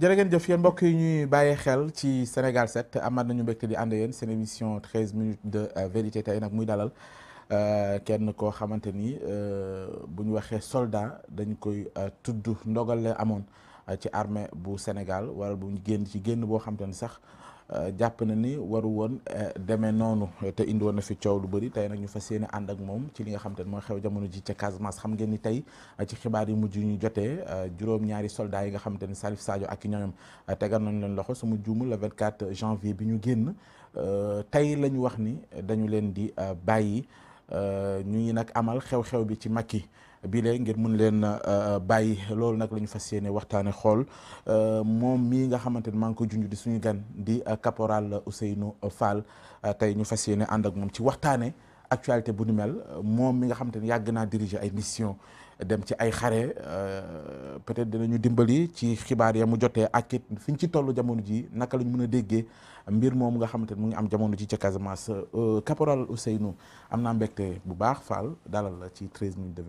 jërë ngeen jëf yéen mbokk yi ñuy bàyyi xel ci Sénégal 7 amaat nañu mbégte di ànd yéen seen émission 13 minutes de euh, vérité tey nag muy dalal euh, kenn koo xamante ni euh, bu ñu waxee solda dañ koy tudd ndogal la amoon ci armee bu Sénégal wala bu génn ci génn boo xamante ni sax. jàpp na ni waru woon eh, demee noonu te indi na fi coow lu bëri tey nag ñu fas yéene ànd ak moom ci li nga xam te ne mooy xew jamono ji ca Casamance xam ngeen ni tey eh, ci xibaar yi mujj yu ñu jotee eh, juróom-ñaari soldats yi nga xam te ne Salif Sadio ak ñoom tegal nañu leen loxo sama juumul le 24 janvier bi ñu génn tey la ñu wax ni dañu leen di bàyyi ñu ngi nag amal xew-xew bi ci Maki bi lee ngir mun leen euh, bàyyi loolu nag la ñu fas yéene waxtaane xool euh, moom mii nga xamante ne maa ngi ko junj di suñu gan di euh, caporal Ousseynou Fall tey ñu fas yéene ànd ak moom ci waxtaane actualité bu ni mel moom mi nga xamante ne yàgg naa diriger ay mission dem ci ay xare peut-être dinañu dimbali ci xibaar ya mu jotee ak it fi ñu ci toll jamono ji naka lañ mën a déggee mbir moom nga xamante ne mu ngi am jamono ji ca Casamance caporal Ousseynou am naa mbégte bu baax Fall dalal la ci 13 minutes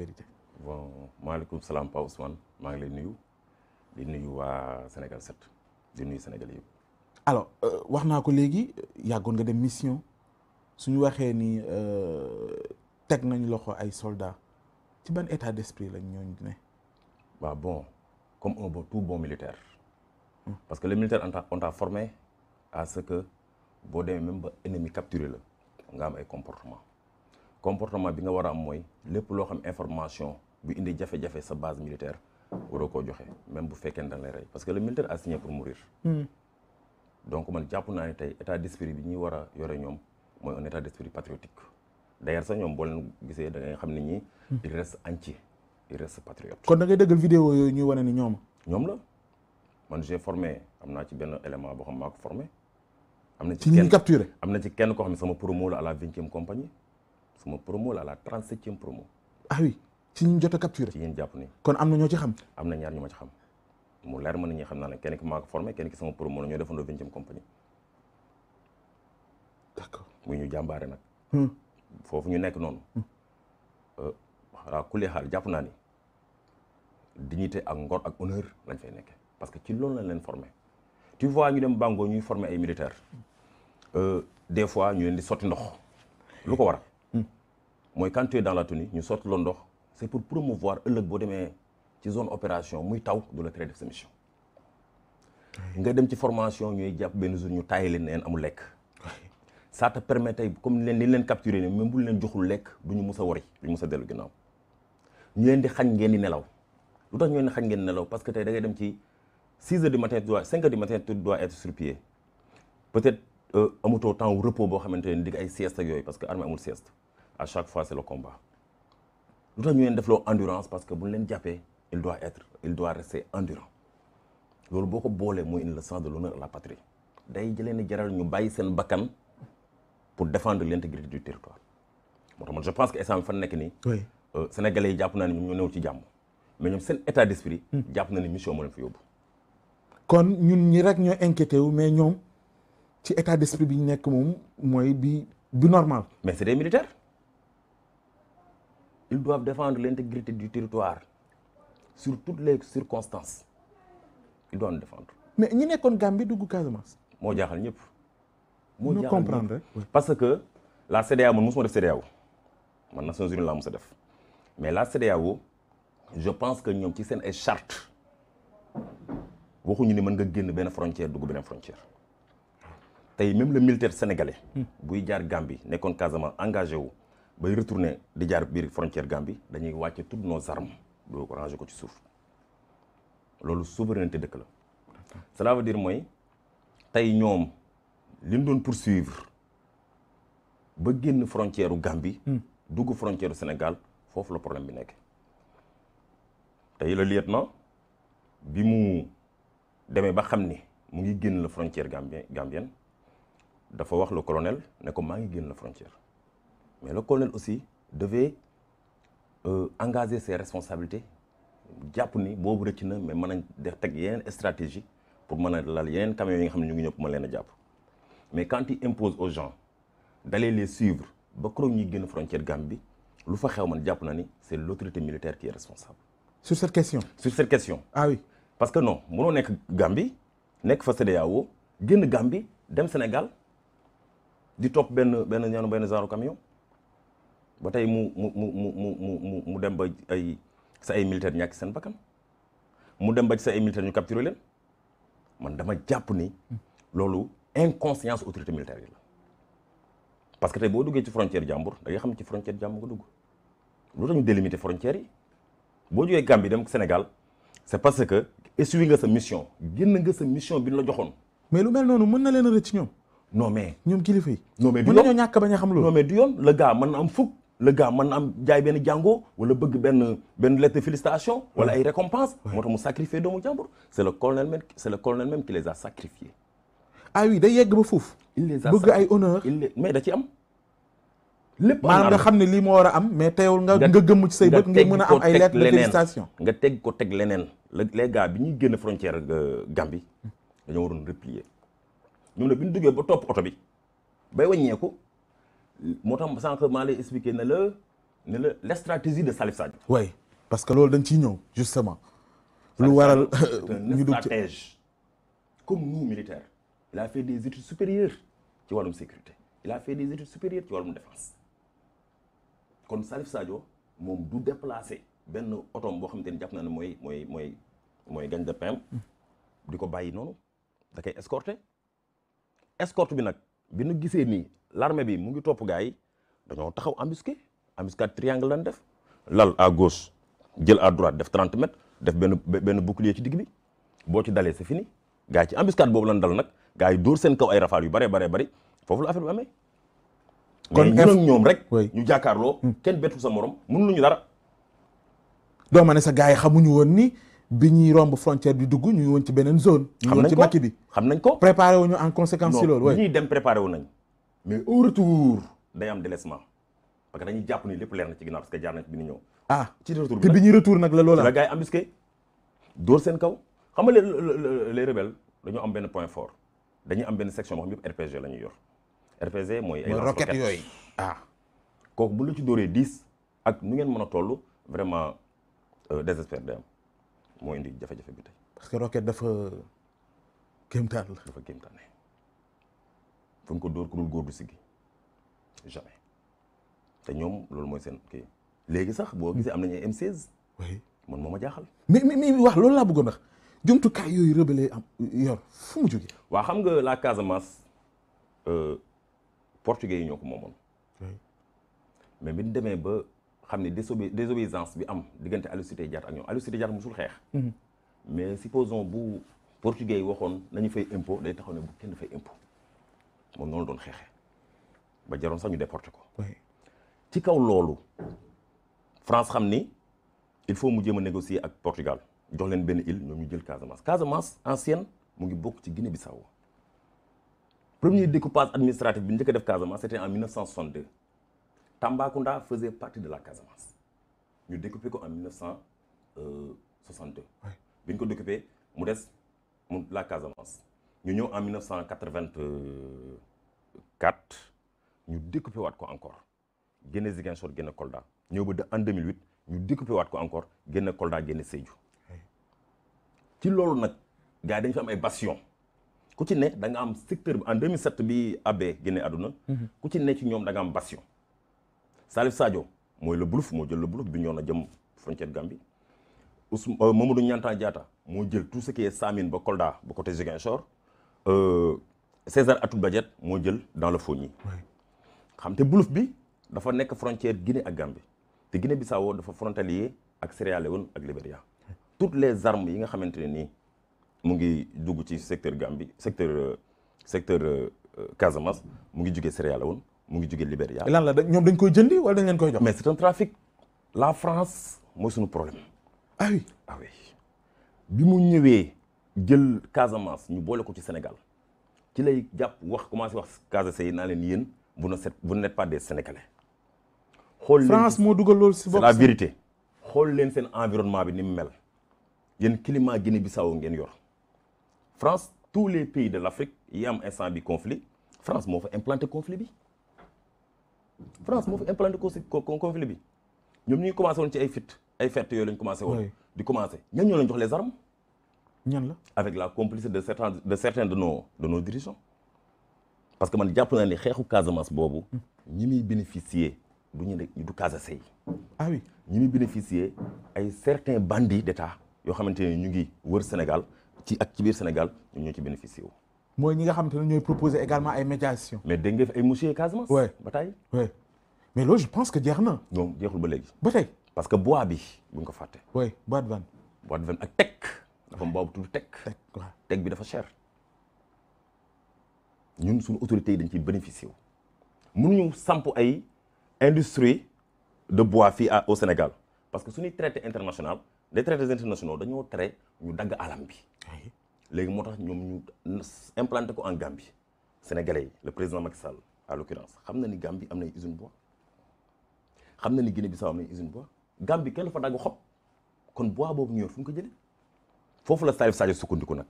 bon maaleykum salaam Pa Ousmane maa ngi lay nuyu di nuyu waa Sénégal 7 di nuyu Sénégal alors euh, wax naa ko léegi yàggoon nga dem mission suñu waxee ni euh, teg nañ loxo ay soldats ci ban état d'esprit lañ ñooñu waaw bon comme un bon tout bon militaire. Hmm. parce que le militaire on t'a on ce que boo demee même ba ennemi la nga am ay comportement comportement bi nga war a am mooy lépp loo xam information. bu indi jafe-jafe sa base militaire waroo koo joxe même bu fekkee ne da rey parce que le militaire a signé pour hmm. donc man jàpp naa ne tey état d'esprit bi ñuy war a yore ñoom mooy un état d'esprit patriotique d'ailleurs sax ñoom boo leen gisee da xam ne ñi hmm. il reste anti il reste patriote kon da dëggal vidéo yooyu ñuy wane ni ñoom ñoom la man j'ai formé am naa ci benn élément boo xam maa ko formé am na ci ñi capturé am na ci kenn koo xam ne sama promo la à la vingtième compagnie sama promo la à la trente septième promo ah oui ci ñun jot a capturé. ci ñun jàpp ni kon am na ñoo ci xam. am na ñaar ñu ma ci xam mu leer ma nit ñi xam naa ne kenn ki maa ko formé kenn ki sama promo la ñoo defandoo vingtième compagnie. d' ñu jàmbaare nag. Hmm. foofu ñu nekk noonu. waaw ku lee jàpp naa ni dignité ak ngor ak honneur lañ fay nekkee parce que ci loolu lañ leen formé tu vois ñu dem bàngoo ñuy formé ay militaires euh, des fois ñu leen di sotti ndox lu ko waral hmm. mooy quand tu es dans la tenue ñu sotti ndox. c'est pour promouvoir ëllëg boo demee ci zone opération muy taw du la traiter de sa nga dem ci formation ñuy jàpp benn jour ñu taayee leen neen amul lekk ça te permet tey comme leen ni leen capturer ne même bu leen joxul lekk du ñu mus a wari du ñu mus a dellu ginnaaw ñu leen di xañ ngeen di nelaw lu tax ñu leen di xañ ngeen di nelaw parce que tey da ngay dem ci 6 heures du matin tu dois 5 heures du matin tu dois être sur pied peut-être euh, amutoo temps boo xamante ne di ay sieste ak yooyu parce que armée amul à chaque fois c'est lu tax ñu leen defloo endurance parce que bu ñu leen jàppee il doit être il doit rester endurant loolu boo ko boolee mooy indi le sens de l'honneur à la patrie day jëlee ni jaral ñu bàyyi seen bakkan pour défendre l'intégrité du territoire moo tax man je pense que instant bi fan nekk nii. oui euh, sénégalais naa ne ñoom ñoo newul ci jàmm. mais ñoom seen état d'esprit. Hmm. jàpp na ni mission moo leen yóbbu. kon ñun ñi rek ñoo inquiété wu mais ñoom ci état d'esprit bi ñu nekk moom mooy bi bi normal. mais c'est des militaires. ils doivent défendre l'intégrité du territoire sur toutes les circonstances ils doivent défendre. mais ñi nekkoon Gambie dugg Casamance. moo jaaxal ñëpp. moo jaaxal parce que la CEDEAO man mosuma def CEDEAO man Nations Unies laa mos a def mais la CEDEAO je pense que ñoom ci seen ay charte waxuñu ni mën nga génn benn frontière dugg beneen frontière tey même le militaire sénégalais. Hmm. buy jaar Gambie nekkoon Casamance engagé wu. bay retourné di jaar biir frontière Gambie dañuy wàcce toutes nos armes doo ko ranger ko ci suuf loolu souveraineté dëkk la cela veut dire mooy tey ñoom li ñu doon poursuivre ba génn frontière u Gambie hmm. dugg frontière u Sénégal foofu la problème bi nekk tey la lieutenant bi mu demee ba xam ni mu ngi génn la frontière Gambien Gambienne dafa wax le colonel ne ko maa ngi génn la frontière mais le colonel aussi devait euh, engager see responsabilités jàpp ni boobu rëcc na mais mën a def teg yeneen stratégie pour mën a lal yeneen camions yi nga xam ne ñu ngi ñëpp mën leen a jàpp mais quand il impose aux gens d'aller les suivre ba keroog ñuy génn frontière Gambie lu fa xew man jàpp na ni c'est l'autorité militaire qui est responsable. sur cette question. sur cette question. ah oui parce que non mënoo nekk Gambie nekk fa CEDEAO génn Gambie dem Sénégal di topp benn benn ñaanu benn genre camion. ba tey mu mu mu mu mu mu dem ba ay sa ay militaire ñàkk seen bakkan mu dem ba sa ay militaire ñu capturé leen man jàpp ni loolu inconscience autorité militaire yi la parce que tey boo duggee ci jàmbur da xam ci frontière jàmbur nga dugg lu tax ñu délimité frontières yi boo jógee Gambie dem Sénégal parce que essuyer nga sa mission génn nga sa mission bi la joxoon. mais lu noonu mën na leen a rëcc ñoom. non mais ñoom kilifa yi. non mais du yoon ñàkk bañ a xam loolu. non mais du yoon le gars mën na am fukk. le gars mën na am jaay benn jàngoo wala bëgg benn benn lettre de wala ay récompense moo tax mu sacrifié doomu jàmbur c' est le colonel même c' est le colonel qui les a sacrifiés ah oui day yegg ba foofu bëgg ay honneur mais da ci am lépp maanaam nga xam ne lii moo war a am mais teewul nga nga gëmm ci say bët ngir mën a am ay lettre de nga teg ko teg leneen les gars bi ñuy génn frontière euh, Gambie dañoo waroon replier ñoom ne bi ñu duggee ba topp oto bi bay wàññeeku moo tax sànq maa lay expliqué ne la ne la la stratégie de Salif Sadio. oui parce que loolu dañ ciy ñëw justement lu waral ñu dugg stratège comme nous militaires il a fait des études supérieures ci wàllum sécurité il a fait des études supérieures ci wàllum défense kon Salif Sadio moom du déplacé benn otoom boo xam xamante ni jàpp na ne mooy mooy mooy mooy gagne de pain di ko bàyyi noonu da koy escorté escorte bi nag bi nu gisee nii. l'armée bi mu ngi topp gars yi dañoo taxaw embusqué embuscade triangle lan def lal à jël à droite def 30 mètres def benn benn bouclier ci digg bi boo ci dalee c'est fini gars yi ci embuscade boobu lan dal nag gars yi dóor seen kaw ay rafale yu bëree baree bëri foofu la affaire bi amee kon ñu ñoom rek ñu jàkkaarloo hmm. kenn bettu sa morom mënu lu ñu dara doo ma ne sa gars yi xamuñu woon ni bi ñuy romb frontière bi dugg ñu woon ci beneen zone ñu woon ci Maki bi xam nañ ko préparé wuñu en conséquence si loolu ñuy dem préparé wu nañ mais au retour day am délaissement parce que dañuy jàpp nii lépp leer na ci ginnaaw parce que bi ñu ñëw ah ci retour te bi ñuy retour nag la loola la gars yi dóor seen kaw xam nga les les rebelles dañoo am benn point fort dañuy am benn section boo xam yëpp RPG la ñuy yor RPG mooy ay roquettes yooyu ah kooku bu la ci dóoree dix ak nu ngeen mën a tollu vraiment euh, désespère day am moo indi jafe-jafe bi tey parce que roquette dafa kéemtaan la dafa kéemtaane fu ñu ko dóor ku dul góor du siggi jamais te ñoom loolu mooy seen kii léegi sax boo gisee am nañu ay M16. man moo ma jaaxal. mais mais mais wax loolu laa bëggoon wax jumtukaay yooyu rebelle am yor fu mu jógee. waaw xam nga la Casamance euh, portugais yi ñoo ko moomoon. mais bi ñu demee ba xam ne désobé désobéissance bi am diggante Aline Sitoé Diatta ak ñoom Aline Sitoé musul xeex. Mhm. mais supposons bu portugais yi waxoon nañu fay impôt day taxaw ne bu kenn fay impôt. moom noonu doon xeexee ba jaroon sax ñu déporté ko ci kaw loolu France xam ni il faut mu jéem a négocier ak Portugal jox leen benn île ñoom ñu jël Casamance Casamance ancienne mu ngi bokk ci Guinée Bissau premier découpage administratif bi njëkk a def Casamance c'était en 1962 Tambacounda faisait partie de la Casamance ñu découpé ko en 1962 euh, bi ñu ko découpé mu des mu la Casamance ñu ñëw en 1984 ñu découpé waat ko encore génne Ziguinchor génne Kolda ñëw ba de en 2008 ñu découpé waat ko encore génne Kolda génne Sédhiou ci loolu nag gars dañ fi am ay bastion ku ci ne da nga am secteur bi en 2007 bi abbé génne àdduna ku ci ne ci ñoom danga am bassion Salif Sadio mooy le Blouf moo jël le Blouf bi ñoo na jëm frontière Gambie Ousmane euh, Mamadou Nianta jaata moo jël tout ce qui est Samine ba Kolda ba côté Ziguinchor Euh, César Atoute Badiate moo jël dans le Fogny xam te Boulouf bi dafa nekk frontière Guinée ak Gambie te Guinée Bissau dafa frontalier ak Sierra Leone ak Libéria toutes les armes yi nga xamante ne nii mu ngi dugg ci secteur Gambie secteur secteur euh, Casamance mu ngi jugee Sierra Leone mu ngi jugee Libéria. lan la ñoom dañ koy jëndi wala dañ leen koy jox. mais c'est un trafic la France mooy suñu problème. Ah, ah oui bi mu ñëwee. jël Casamance ñu boole ko ci Sénégal ci lay jàpp wax commencé wax Casamance yi naa leen yéen vous ne set vous n'êtes pas des Sénégalais. xool leen moo dugal loolu si xool leen seen environnement bi ni mu mel yéen climat Guinée-Bissau ngeen yor France tous les pays de l'Afrique yi am instant bi conflit France moo fa implanté conflit bi France moo fa implanté conflit bi ñoom ñu ngi commencé woon ci ay fit ay fête yooyu lañ commencé woon. di commencé ñan ñoo leen jox les armes. ñan la avec la complicité de certains de certains de nos de nos dirigeants parce que man jàpp naa ne xeexu Casamance boobu ñi muy bénéficier du ñu ne du Casasee yi ah oui ñi muy bénéficier ay certains bandits d'État yoo xamante ne ñu ngi wër Sénégal ci ak ci biir Sénégal ñoom ñoo ci bénéficier wu mooy ñi nga xamante ne ñooy proposer également ay médiation mais dégg nga fi ay monsieur Casamance ba tey oui mais loolu je que jeex na non jeexul ba léegi ba tey parce que bois bi bu ñu ko fàtte oui bois de vanne bois ak teg boppam boobu tudd teg teg bi dafa cher ñun suñu autorité yi dañ ciy bénéficier wu mënuñu samp ay industrie de bois fii au Sénégal parce que suñuy traité international les traités internationaux dañoo tere ñu dagg alam bi léegi moo tax ñoom ñu implanté ko en Gambie Sénégalais yi le président Macky Sall à l'occurrence xam na ni Gambie am na usine bois xam na ni Guinée Bissau am na usine bois Gambie kenn fa dagg xob kon bois boobu ñu yor fu ñu ko foofu la Salif Sadio sukkandiku nag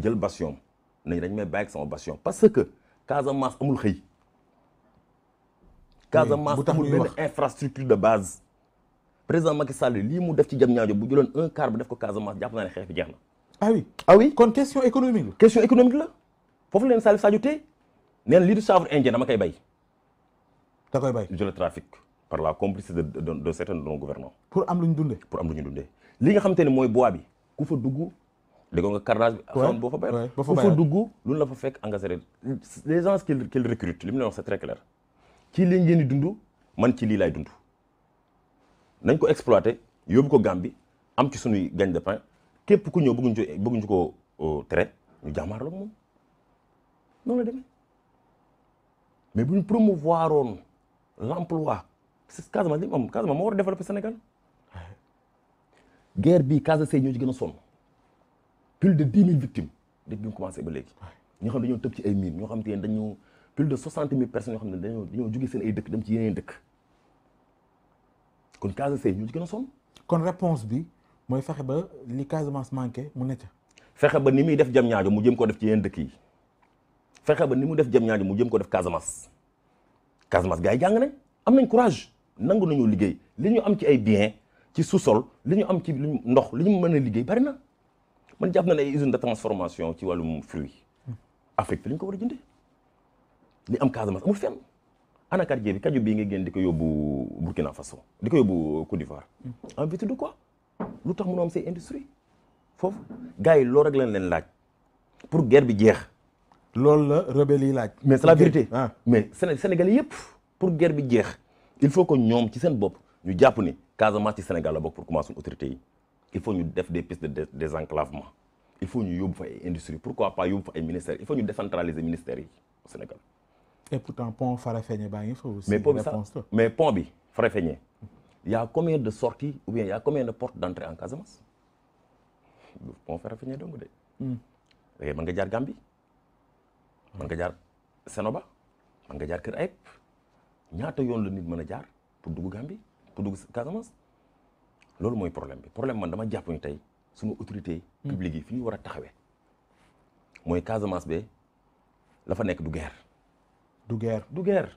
jël bastion nañ dañ may bàyyi ak sama bastion parce que Casamance amul xëy. Casamance amul benn infrastructure de base. président Macky Sall lii mu def ci Diamniadio bu jëloon un quart bu def ko Casamance jàpp naa ne xeex bi jeex na. ah oui ah oui kon question économique la. question la foofu leen Salif Sadio tey nee lii du chanvre indien dama koy bay. da koy bay je le trafic par la complicité de de de certains de nos lu ñu dundee. pour am ñu dundee li nga xamante ne mooy bois bi. ku fa dugg dégg nga carnage bi. xam boo fa bayal ku fa dugg lu la fa fekk engagé les gens qu'ils qu'ils recrutent li mu leen wax c'est très clair ci lii ngeen di dund man ci lii laay dund ko exploité yóbbu ko Gambie am ci sunuy gagne de pain képp ku ñëw bëgguñu ci bëgguñu ko traite euh, ñu jàmmaarloo ak moom noonu la demee mais bu ñu promouvoir woon l'emploi c'est Casamance li mu am Casamance moo war Sénégal guerre bii Casa Sey ñoo ci gën a sonn plus de dix mille victimes depuis bi mu commencé ba léegi ñoo xam dañoo tëb ci ay mine ñoo xam te ne dañoo plus de soixante mille personnes yoo xam ne dañoo dañoo jóge seen ay dëkk dem ci yeneen dëkk kon Casa Sey gën a sonn kon réponse bi mooy fexe ba li Casamance manqué mu ne ca fexe ba ni muy def jam ñaajo mu jëm ko def ci yeneen dëkk yi fexe ba ni mu def jam ñaajo mu jëm ko def Casamance Casamance gars yi jàng nañ am nañ courage nangu nañu liggéey li ñu am ci ay bien ci sous-sol li ñu am ci lu ndox li ñu mën a liggéey bari na man jàpp na ne ay de transformation ci wàllum fruit Afrique bi ñu ko war a jëndee li am Casamance amul fenn ana quartier bi kaju bii nga génn di ko yóbbu Burkina façon di ko yóbbu Côte d'Ivoire en vertu de quoi lu tax mënoo am say industrie foofu gars yi loolu rek lañ leen laaj pour guerre bi jeex loolu la rebelle laaj mais c'est la vérité ah. mais Sénégalais yëpp pour guerre bi jeex il faut que ñoom ci seen bopp ñu jàpp ni Casamance ci Sénégal la bokk pour commencer autorité yi il faut ñu def des pistes de désenclavement il faut ñu yóbbu fa ay industrie pourquoi pas yóbbu fa ay ministères il faut ñu décentraliser ministères yi au Sénégal. et pourtant pont Farafeñe baa ngi fa aussi. mais pont bi sax mais pont bi Farafeñe y' a combien de sorties ou bien y' a de portes d' en Casamance pont Farafeñe dong de. Hmm. mën nga jaar Gambie mën nga jaar ba man nga jaar Kër Ayib ñaata yoon la nit mën a jaar pour dugg Gambie. pour dugg Casamance loolu mooy problème bi problème man dama jàppuñu ni tey suñu autorité publique yi fi ñu war a taxawee mooy Casamance be la fa nekk du guerre du guerre du guerre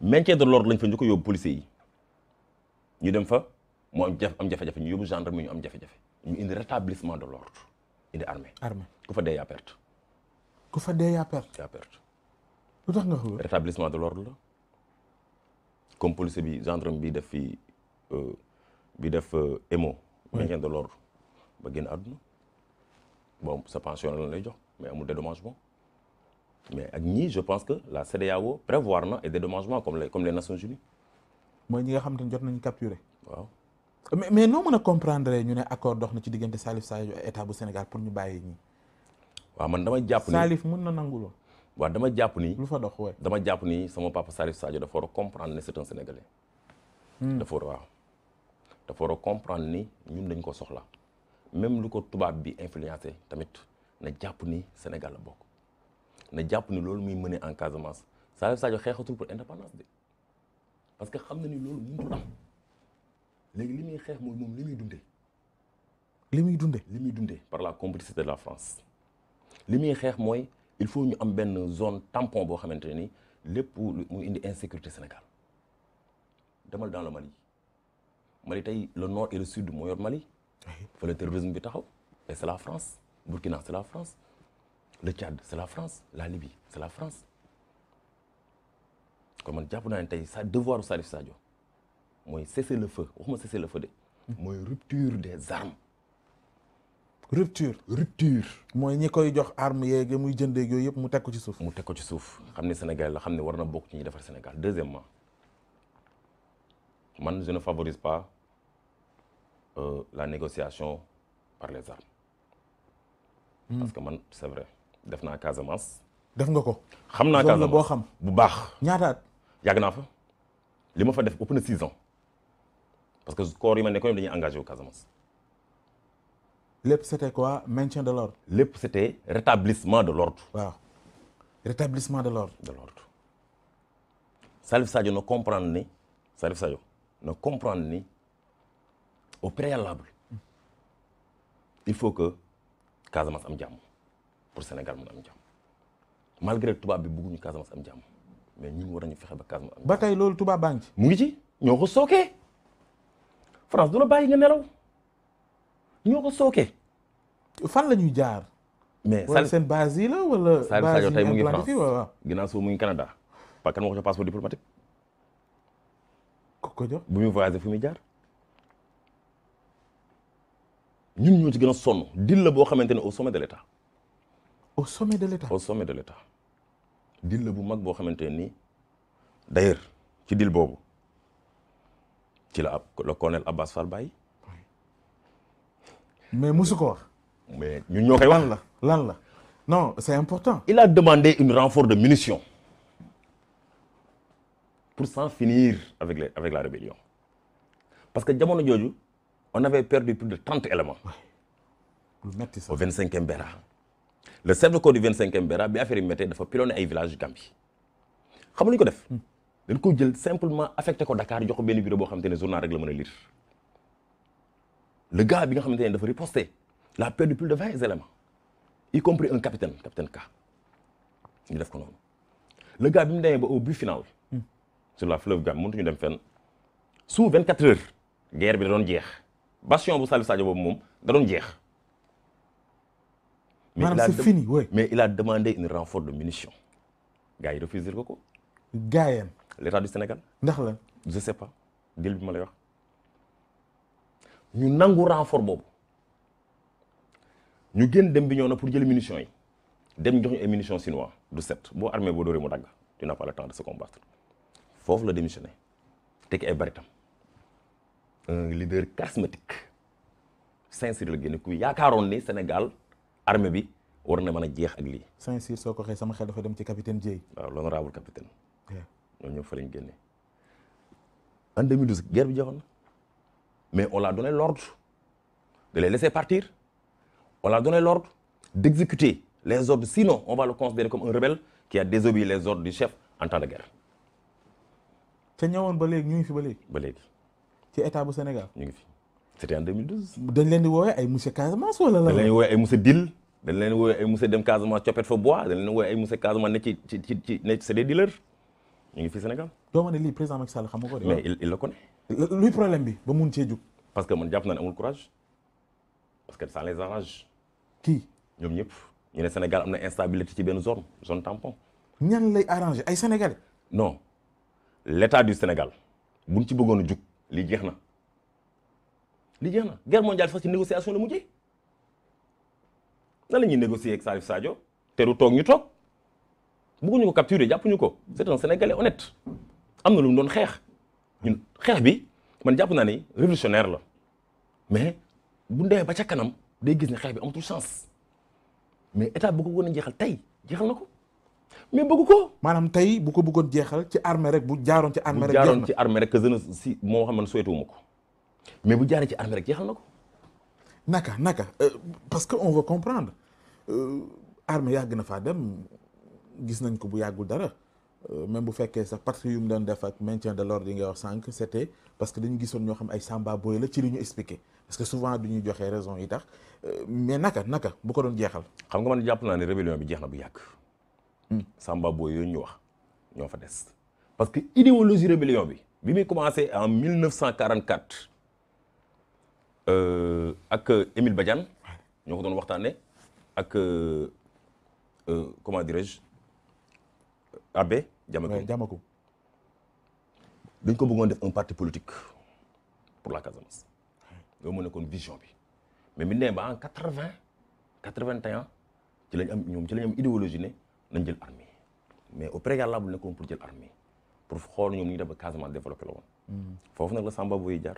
maintien de l'ordre lañ fa ñu ko yóbbu yi ñu dem fa moo am jaf am jafe-jafe ñu yóbbu gendarme ñu am jafe-jafe ñu indi rétablissement de l'ordre indi armée armée ku fa dee yaa ku fa dee yaa perte lu tax nga rétablissement de l'ordre la comme policier bi gendarme bi def fi euh, bi def euh, émo. maintien de l'ordre ba génn àdduna bon sa pension la lay jox mais amul dédommagement mais ak ñii je pense que la CEDEAO prévoir na et dédommagement comme les comme les Nations Unies. mooy ñi nga xam te ne jot nañu capturer. waaw mais mais noo mën a comprendre ñu ne accord dox na ci diggante Salif Sadio état bu Sénégal pour ñu bàyyi ñi. waaw man dama jàpp ni Salif mën na nangu lool waaw dama jàpp nii lu fa dox dama jàpp ni sama papa Salif Sadio dafa war a comprendre ne c'est un hmm. dafa war comprendre ni ñun dañ ko soxla même lu ko tubaab bi influencé tamit na jàpp ni Sénégal la bokk na jàpp ni loolu muy mëne en Casamance Salif xeexatul pour indépendance de parce que xam na ni loolu mënutul am léegi li muy xeex mooy moom li muy dundee. li muy dundee li muy dundee par la complicité de la France li muy xeex mooy. il faut ñu am benn zone tampon boo xamante ne ni lépp muy indi insécurité Sénégal demal dans le Mali Mali tey le nord et le sud moo yor Mali fa le terrorisme bi taxaw mais c'est la France Burkina c'est la France le Tchad c'est la France la Libye c'est la France kon man jàpp naa ne tey sa devoir Salif Sadio mooy cesser le feu waxuma cesser le feu de hmm. mooy rupture des armes rupture rupture mooy ñi koy jox arme yeeg muy jëndeeg yooyu yëpp mu teg ko ci suuf mu teg ko ci suuf xam ne Sénégal la xam ne war na bokk ci ñi defar Sénégal deuxièmement man je ne favorise pas euh, la négociation par les armes mmh. man c'est def naa Casamance def nga ko xam naa Casamance boo xam bu baax ñaata at naa fa li ma fa def ëpp na six ans parce que corps yi ma nekkoon dañuy engagé wu Casamance lépp c'était quoi maintien de l'ordre lépp c'était rétablissement de l'ordre waaw rétablissement de l'ordre de l'ordre Salif Sadio na comprendre ni Salif Sadio na comprendre ni au préalable il faut que Casamance am jàmm pour Sénégal mun am jàmm malgré tubaab bi bëgguñu Casamance am jàmm mais ñun war nañu fexe ba Casamance am ba tey loolu tubaab baa ngi ci mu ngi ci ñoo ko sookee France du la nga nelaw ñoo ko sooke. fan la ñuy jaar. mais wala seen base yi la wala. Sadio tey mu ngi France ginnaaw suba mu ngi Canada. parce que kan moo ko jox passeport diplomatique. ko ko jox bu muy voyagé fu muy jaar. ñun ñoo ci gën a sonn dil la boo xamante ne au sommet de l' état. au sommet de l' état au sommet de l' état. dil la bu mag boo xamante ne nii d' ailleurs ci dil boobu ci la ab le colonel Abbas Fall Baye. mais musu ko wax. mais ñu ñoo koy wax. lan la lan la non c'est important. il a demandé une renfort de munitions pour s'en finir avec les avec la rébellion parce que jamono jooju on avait perdu plus de trente éléments. lu métti sax au vingt cinquième Beera. le cerveau du vingt cinquième Beera bi affaire yi dafa pilonné ay villages Gambie xamuñu ko def. Hmm. dañ ko jël simplement affecté ko Dakar jox benn bureau boo xam te ne journal rek la mën a lire. le gars bi nga xamante ne dafa riposté la perdu plus de vingt éléments y compris un capitaine capitaine K ñu def ko noonu le gars bi mu demee ba au but final hmm. sur ñu dem fenn sous vingt quatre heures guerre bi da doon jeex bastion bu Salif Sadio boobu moom da doon jeex. maanaam c'est fini oui. mais il a demandé une renfort de munitions gars yi refusé ko ko. gaayam l'état du Sénégal. ndax la je sais pas dil bi ma lay wax. ñu nangu renfort boobu ñu génn dem bi ñoo na pour jël munitions yi dem jox ñu ay munitions chinois du set boo armée boo dóoree mu dagg tu n'as pas le temps de se combattre foofu la démissionné tekki ay baritam un leader charismatique Saint-Cyr la génne ku yaakaaroon ni Sénégal armée bi war na mën a jeex ak lii. Saint-Cyr soo ko xëy sama xel dafa dem ci capitaine Dieye. waaw l'honorable capitaine. ñoo ñëw fa lañ génne en 2012 guerre bi mais on l'a donné l'ordre de les laisser partir on l'a donné l'ordre d'exécuter les ordres sinon on va le considérer comme un rebelle qui a désobéi les ordres du chef en temps de guerre. te ñëwoon ba léegi ñu ngi fi ba léegi. ba léegi. ci état bu Sénégal. ñu ngi fi c'était en 2012. dañ leen di woowee ay monsieur Casamance wala la. dañ leen di ay monsieur Dil dañ leen di ay monsieur dem Casamance coppet fa bois dañ leen di ay monsieur Casamance ne ci ci ci ne c'est des ngi luy problème bi ba mun cee jug. parce que man jàpp naa ne amul courage parce que ça les arrange. kii ñoom ñëpp ñu ne Sénégal am na instabilité ci benn zone zone tampon. ñan lay arrangé ay Sénégalais. non l' du Sénégal buñ ci bëggoon a jug lii jeex na lii jeex na guerre mondiale sax ci négociation la mujjee nan la ñuy négocier ak Salif Sadio te du toog ñu toog bëgguñu ko capturer jàppuñu ko c' est un Sénégalais honnête am na lu doon xeex. ñun xeex bi man jàpp naa ni révolutionnaire la mais bu ndee ba ca kanam day gis ne xeex bi amatul chance mais état bu ko woon a jeexal tey jeexal na ko mais bëggu ko. maanaam tey bu ko bëggoon jeexal ci armée rek bu jaaroon ci armée rek. jeex na bu jaaroon si moo xam man souhaité wu ko mais bu jaaree ci armée rek jeexal na ko. naka naka euh, parce que on veut comprendre euh, armée yàgg na faa dem gis nañ ko bu yàggul dara. Euh, même bu fekkee sax parti yu mu doon def ak maintien de l'ordre yi nga wax sànq c'était parce que dañu gisoon ñoo xam ay samba boy la ci li ñu expliqué parce que souvent du ñuy joxe raison yi tax euh, mais naka naka bu ko doon jeexal. xam nga man jàpp naa ne rébellion bi jeex na bu yàgg. Hmm. samba boy yooyu ñu wax ñoo fa des. parce que idéologie rébellion bi bi muy commencé en 1944 euh, ak Émile Badiane ñoo ko doon waxtaanee ak comment dirais-je Abbé. jamakum jamakum dañ ko bëggoon def un parti politique pour la Casamance loolu moo nekkoon vision bi mais bi nee ba en quatre vingt quatre vingt et un ci lañ am ñoom ci lañ am idéologie ne nañ jël armée mais au préalable nekkoon pour jël armée pour xool ñoom ñu def ba Casamance développé la woon. foofu nag la Samba Boye jaar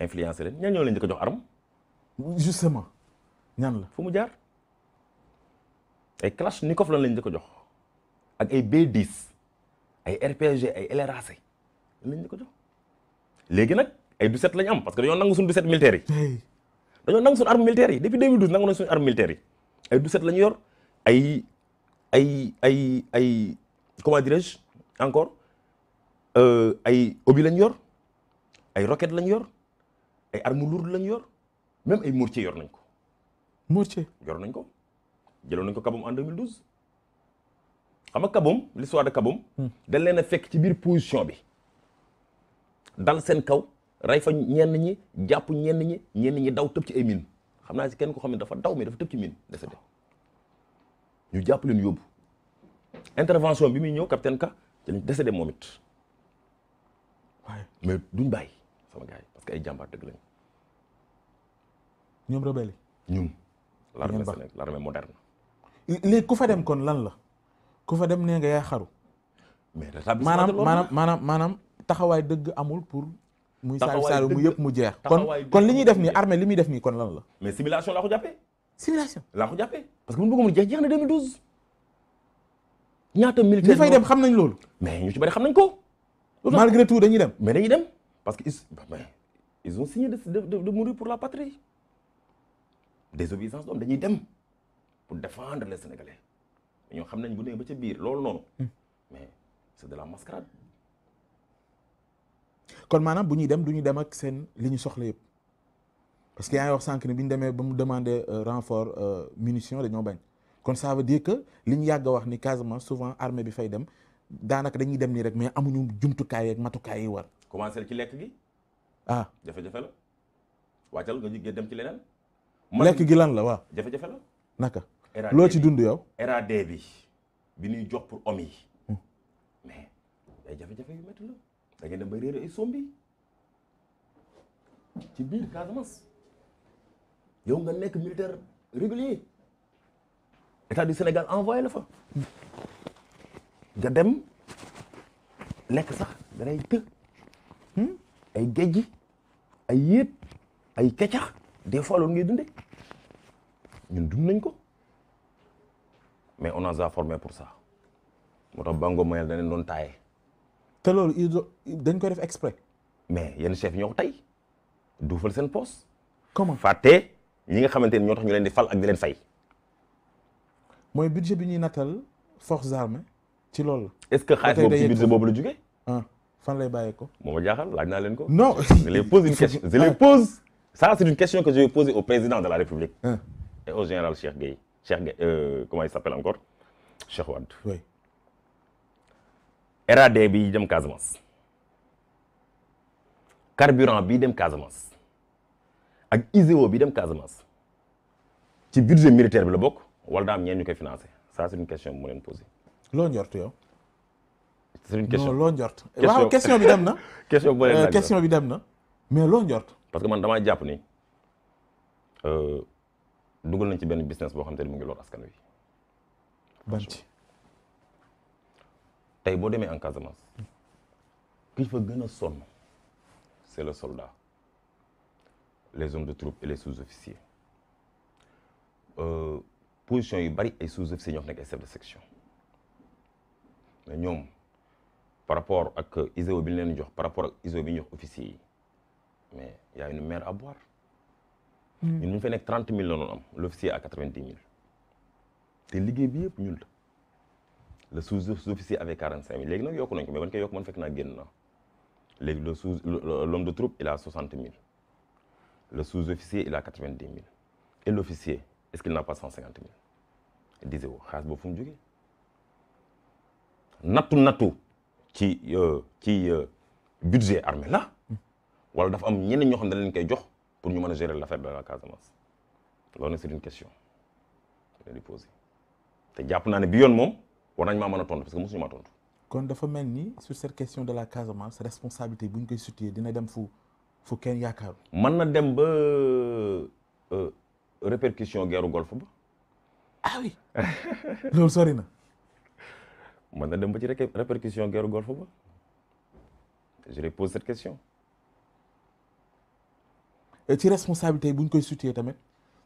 influencé la ñan ñoo leen di ko jox arme. justement ñan la fu mu jaar ay Kalachnikov lan lañ di ko jox. ak ay B10 ay RPG ay LRAC lañ nag ay du set lañ am parce que dañoo nangu suñu du set militaire dañoo nangu suñu arme militaire yi depuis 2012 nangu nañ suñu arme militaire yi ay du set la yor ay ay ay comment dirais-je encore euh, ay obi lañ yor ay roquette lañ yor ay arme lourde lañ yor même ay mortier yor nañ ko mortier yor nañ ko jëloon nañ ko kabam en xam nga Kaboom l'histoire de Kaboom. Hmm. dañ leen a fekk ci biir position bi. dal seen kaw rey fa ñenn ñi jàpp ñenn ñi ñenn ñi daw tëb ci ay mine xam naa si kenn ko xam ne dafa daw mi dafa tëb ci mine décédé ñu jàpp leen yóbbu. intervention bi muy ñëw capitaine Ka ci lañ décédé moom it waaye mais duñ bàyyi sama gars yi parce que ay jàmbaar dëgg lañu. ñoom rebelle yi. ñun l'armée l'armée moderne. léegi ku fa dem kon lan la. ku fa dem nee nga yaa xaru. mais maanaam maanaam maanaam maanaam taxawaay dëgg amul pour. muy saal saal mu yëpp mu jeex. kon kon li ñuy def nii armée li muy def nii kon lan la. mais simulation laa ko jàppee. simulation laa ko jàppee parce que bu ñu bëgg mu jeex jeex na 2012. ñaata militaire ñi fay dem xam nañ loolu. mais ñu ci bari xam nañ ko. malgré tout dañuy dem. mais dañuy dem parce que ils ont signé de de de mourir pour la patrie désobéissance doom dañuy dem pour défendre les Sénégalais. ñoo xam nañ bu nee ba ca biir loolu noonu. Hmm. mais c'est de la mascarade. kon maanaam bu ñuy dem du ñu dem ak seen li ñu soxla yëpp parce que yaa ngi wax sànq bi ñu demee ba mu demander euh, renfort euh, munition dañoo bañ kon ça veut dire que li ñu yàgg wax ni Casamance souvent armée bi fay dem daanaka dañuy dem nii rek mais amuñu jumtukaay yeeg matukaay yi war. commencé ci lekk gi. ah jafe-jafe la wàccal nga dem ci leneen. lekk gi lan la waaw. jafe-jafe la naka. loo ci dund yow. bi bi ñuy jox pour mais ay jafe-jafe yu métti la da ngeen dem ba ay sombi ci biir Casamance yow nga nekk militaire régulier état du Sénégal envoyé la fa. nga dem lekk sax da lay të. ay géej ay yéet ay kecax des fois loolu ngay dundee ñun dund nañ ko. mais on nous a formé pour ça moo tax Bango Mayel dañ leen doon taaye. te loolu dañ koy def exprès. mais yenn chef ñoo ko tey duufal seen poste. comment fàtte ñi nga xamante ni ñoo tax ñu leen di fal ak di leen fay. mooy budget bi ñuy nattal forces armées ci lool la. est-ce que xaalis boobu boobu la jógee. ah fan lay bàyyee ko. moo ma jaaxal laaj naa leen ko. non je les pose une question je les ah. pose ça c'est une question que je vais au président de la République. Ah. et au général Cheikh Cheikh euh, comment il s'appelle encore Cheikh Wade. oui bi dem Casamance. carburant bi dem Casamance. ak ISEO bi dem Casamance. ci budget militaire bi la bokk wal daa ñeen ñu koy financé ça c'est question bu mu leen posé. loo njort yow. c'est une question loo njort. bi dem na. Euh, question bi dem na mais loo njort. parce que man dama jàpp ni. Euh, dugal nañ ci benn business boo xam te ne mu ngi lor askan wi. ban ci boo demee en Casamance. ki fa gën a sonn c'est le soldat les hommes de troupe et les sous-officiers euh, position yu bari ay sous-officiers ñoo nekk ay chef de section mais ñoom par rapport ak ISO e bi ñu leen jox par rapport ISO e bi ñu jox officiers yi mais y une mer à Hmm. ñun ñu ngi fay nekk trente mille la noonu am l'officier à quatre-vingt-dix mille te liggéey bi yëpp ñun la le sous-officier avec quarante cinq mille léegi nag yokk nañ ko mais ban koy yokk man fekk naa génn na léegi le sous l'homme de troupe il a soixante mille le sous-officier il a quatre-vingt-dix mille et l'officier est-ce qu'il n'a pas cent cinquante mille dise wo xaalis boobu fu mu jógee nattu nattu ci euh, euh, budget armée la hmm. wala dafa am ñeneen ñoo xam ne dañ leen koy jox pour ñu mën a gérer l' affaire de la Casamance loolu nag c' est une question que di poser te jàpp naa ne bi yoon moom war nañ maa mën a tontu parce que mosuñu a tontu. kon dafa mel ni su cette question de la Casamance responsabilité bu ñu koy situé dina dem fu fu kenn yaakaaru. mën na dem ba euh, répercussion guerre golfe ba. Ah sori na. mën na dem ba ci répercussion guerre golfe ba je lui pose cette question. Euh, ci responsabilité bu ñu koy situé tamit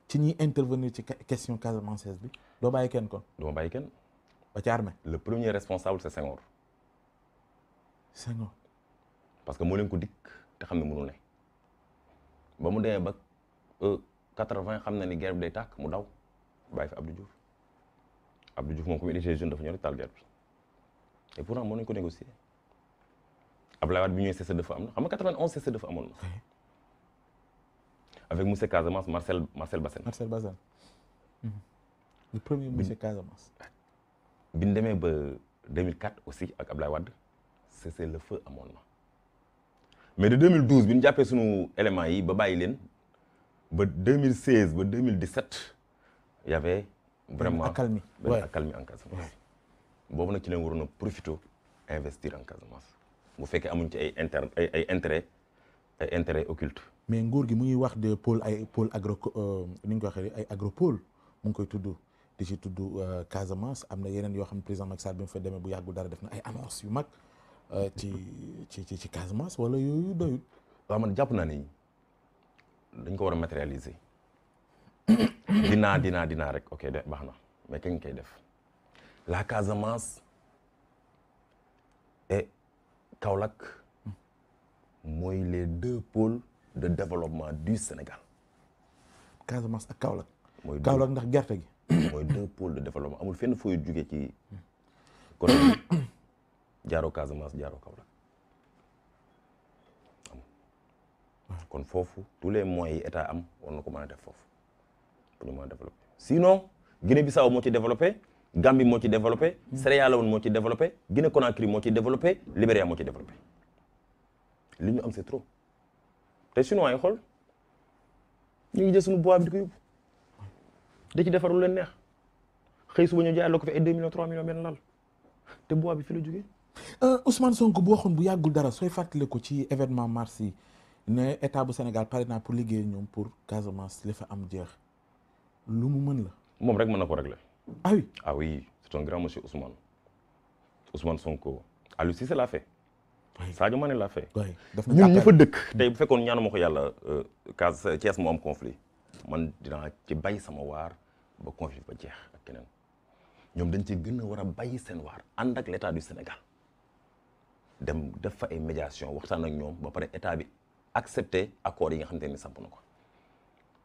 ci ñiy intervenir ci question Casamance bi doo bàyyi kenn kon. du ma bàyyi kenn. ba ci armée. le premier responsable c'est Senghor. Senghor. parce que moo leen ko dikk te xam ne mënu ne ba mu demee ba euh, quatre-vingt xam na ni guerre bi day tàkk mu daw bàyyi fi Abdou Diouf Abdou Diouf moom comme il était jeune dafa ñëw rek taal guerre bi et pourtant mën nañu ko négocier Abdoulaye Wade bi ñëwee cessez-le-feu am na xam nga quatre-vingt-onze cessez-le-feu amoon avec monsieur Casamance Marcel Marcel Bassène. Marcel Bassène. Mhm. le premier monsieur Casamance. bi ñu demee ba aussi ak Ablaye Wade c'est le feu amoon na mais de 2012 bi ñu jàppee sunu éléments yi ba bàyyi leen ba 2016 ba 2017 y avait vraiment accalmie benn accalmie en Casamance. boobu na ci leen waroon a investir en Casamance bu fekkee amuñ ci ay inter ay ay ay intérêt occulte mais nguur gi mu ngi wax de pôle ay pôle agro euh, ni ñu ko waxee ay agropôle mu ngi koy tudd di ci tudd euh, Casamance am na yeneen yoo xam ne président Macky Sall bi mu fa demee bu yàggul dara def na ay annonce yu mag euh, ci ci ci ci Casamance wala yooyu doyul. waaw man jàpp naa ni dañ ko war a matérialiser. dinaa dinaa dinaa rek ok de baax na mais kañ koy def la Casamance et hmm. mooy les deux pôles. de développement du Sénégal. Casamance ak Kaolack. mooy Kaolack ndax gerte gi. mooy deux pôles de développement amul fenn fooy jugee ci. Hmm. kon jaaroo Casamance jaaroo Kaolack. Ah. kon foofu tous les moyens yi état am war na ko mën a def foofu pour ñu mën a développer sinon Guinée Bissau moo ci développé Gambie moo ci développé. Hmm. Sierra Leone moo ci développé Guinée Conakry moo ci développé Libéria moo ci développé li ñu am c'est trop. te chinois yi xool ñu ngi jël suñu boo bi di ko yóbbu di ci defar lu leen neex xëy suba ñu jaay loo ko fi ay 2 millions benn lal te bois bi fi la jógee. Euh, Ousmane Sonko bu waxoon bu yàggul dara sooy fàttale ko ci événement mars yi ne état bu Sénégal pare naa pour liggéey ñoom pour Casamance li fa am jeex lu mu mën la. moom rek mën na ko régler. ah oui ah oui c'est un grand monsieur Ousmane Ousmane Sonko Aliou Cissé l'a fait. Sadio Mané laa fay. ñun ñu fa dëkk. tey bu fekkoon ñaanu ko yàlla euh, cas Thiès moom am conflit man dinaa ci bay sama waar ba conflit ba jeex ak keneen ñoom dañ ci gën a war a bay seen waar ànd ak l' état du Sénégal dem def fa ay médiation waxtaan ak ñoom ba pare état bi accepté accords yi nga xamante ni samp na ko.